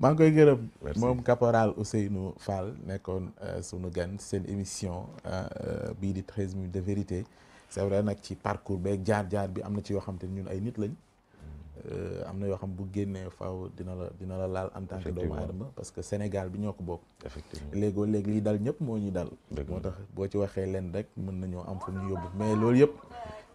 maa ngi koy gërëm moom caporal Ousseynou Fall nekkoon euh, sunu gan seen émission euh, bii di treize minutes de vérité c'est nag ci parcours beeg jaar-jaar bi am na ci yoo xam te ñun ay nit lañ. Euh, am na yoo xam bu génnee faw dina la dina la laal en tant que doomu aadama parce que Sénégal bi ñoo ko bokk effectivement léegoo léegi liy dal ñëpp moo ñuy dal moo tax boo ci waxee leen rek mën nañoo am fu ñu yóbbu mais loolu yëpp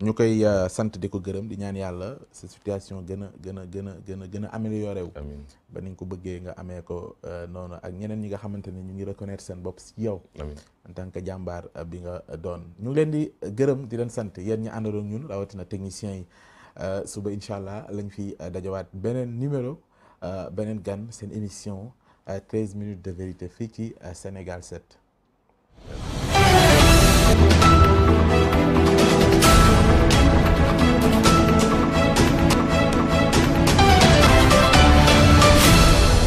ñu koy euh, sant di ko gërëm di ñaan yàlla sa situation gën a gën a gën a gën a gën a wu amiin ba ni ñu ko bëggee nga amee ko euh, noonu ak ñeneen ñi nga xamante ne ñu ngi reconnaître seen bopp si yow amiin en tant que jàmbaar bi nga doon ñu ngi leen di gërëm di leen sant yéen ñi àndaloon ñun rawatina techniciens yi Euh, suba incha allah lañ fi euh, dajawaat beneen numéro euh, beneen gan seen émission 13 minutes de vérité fii ci Sénégal set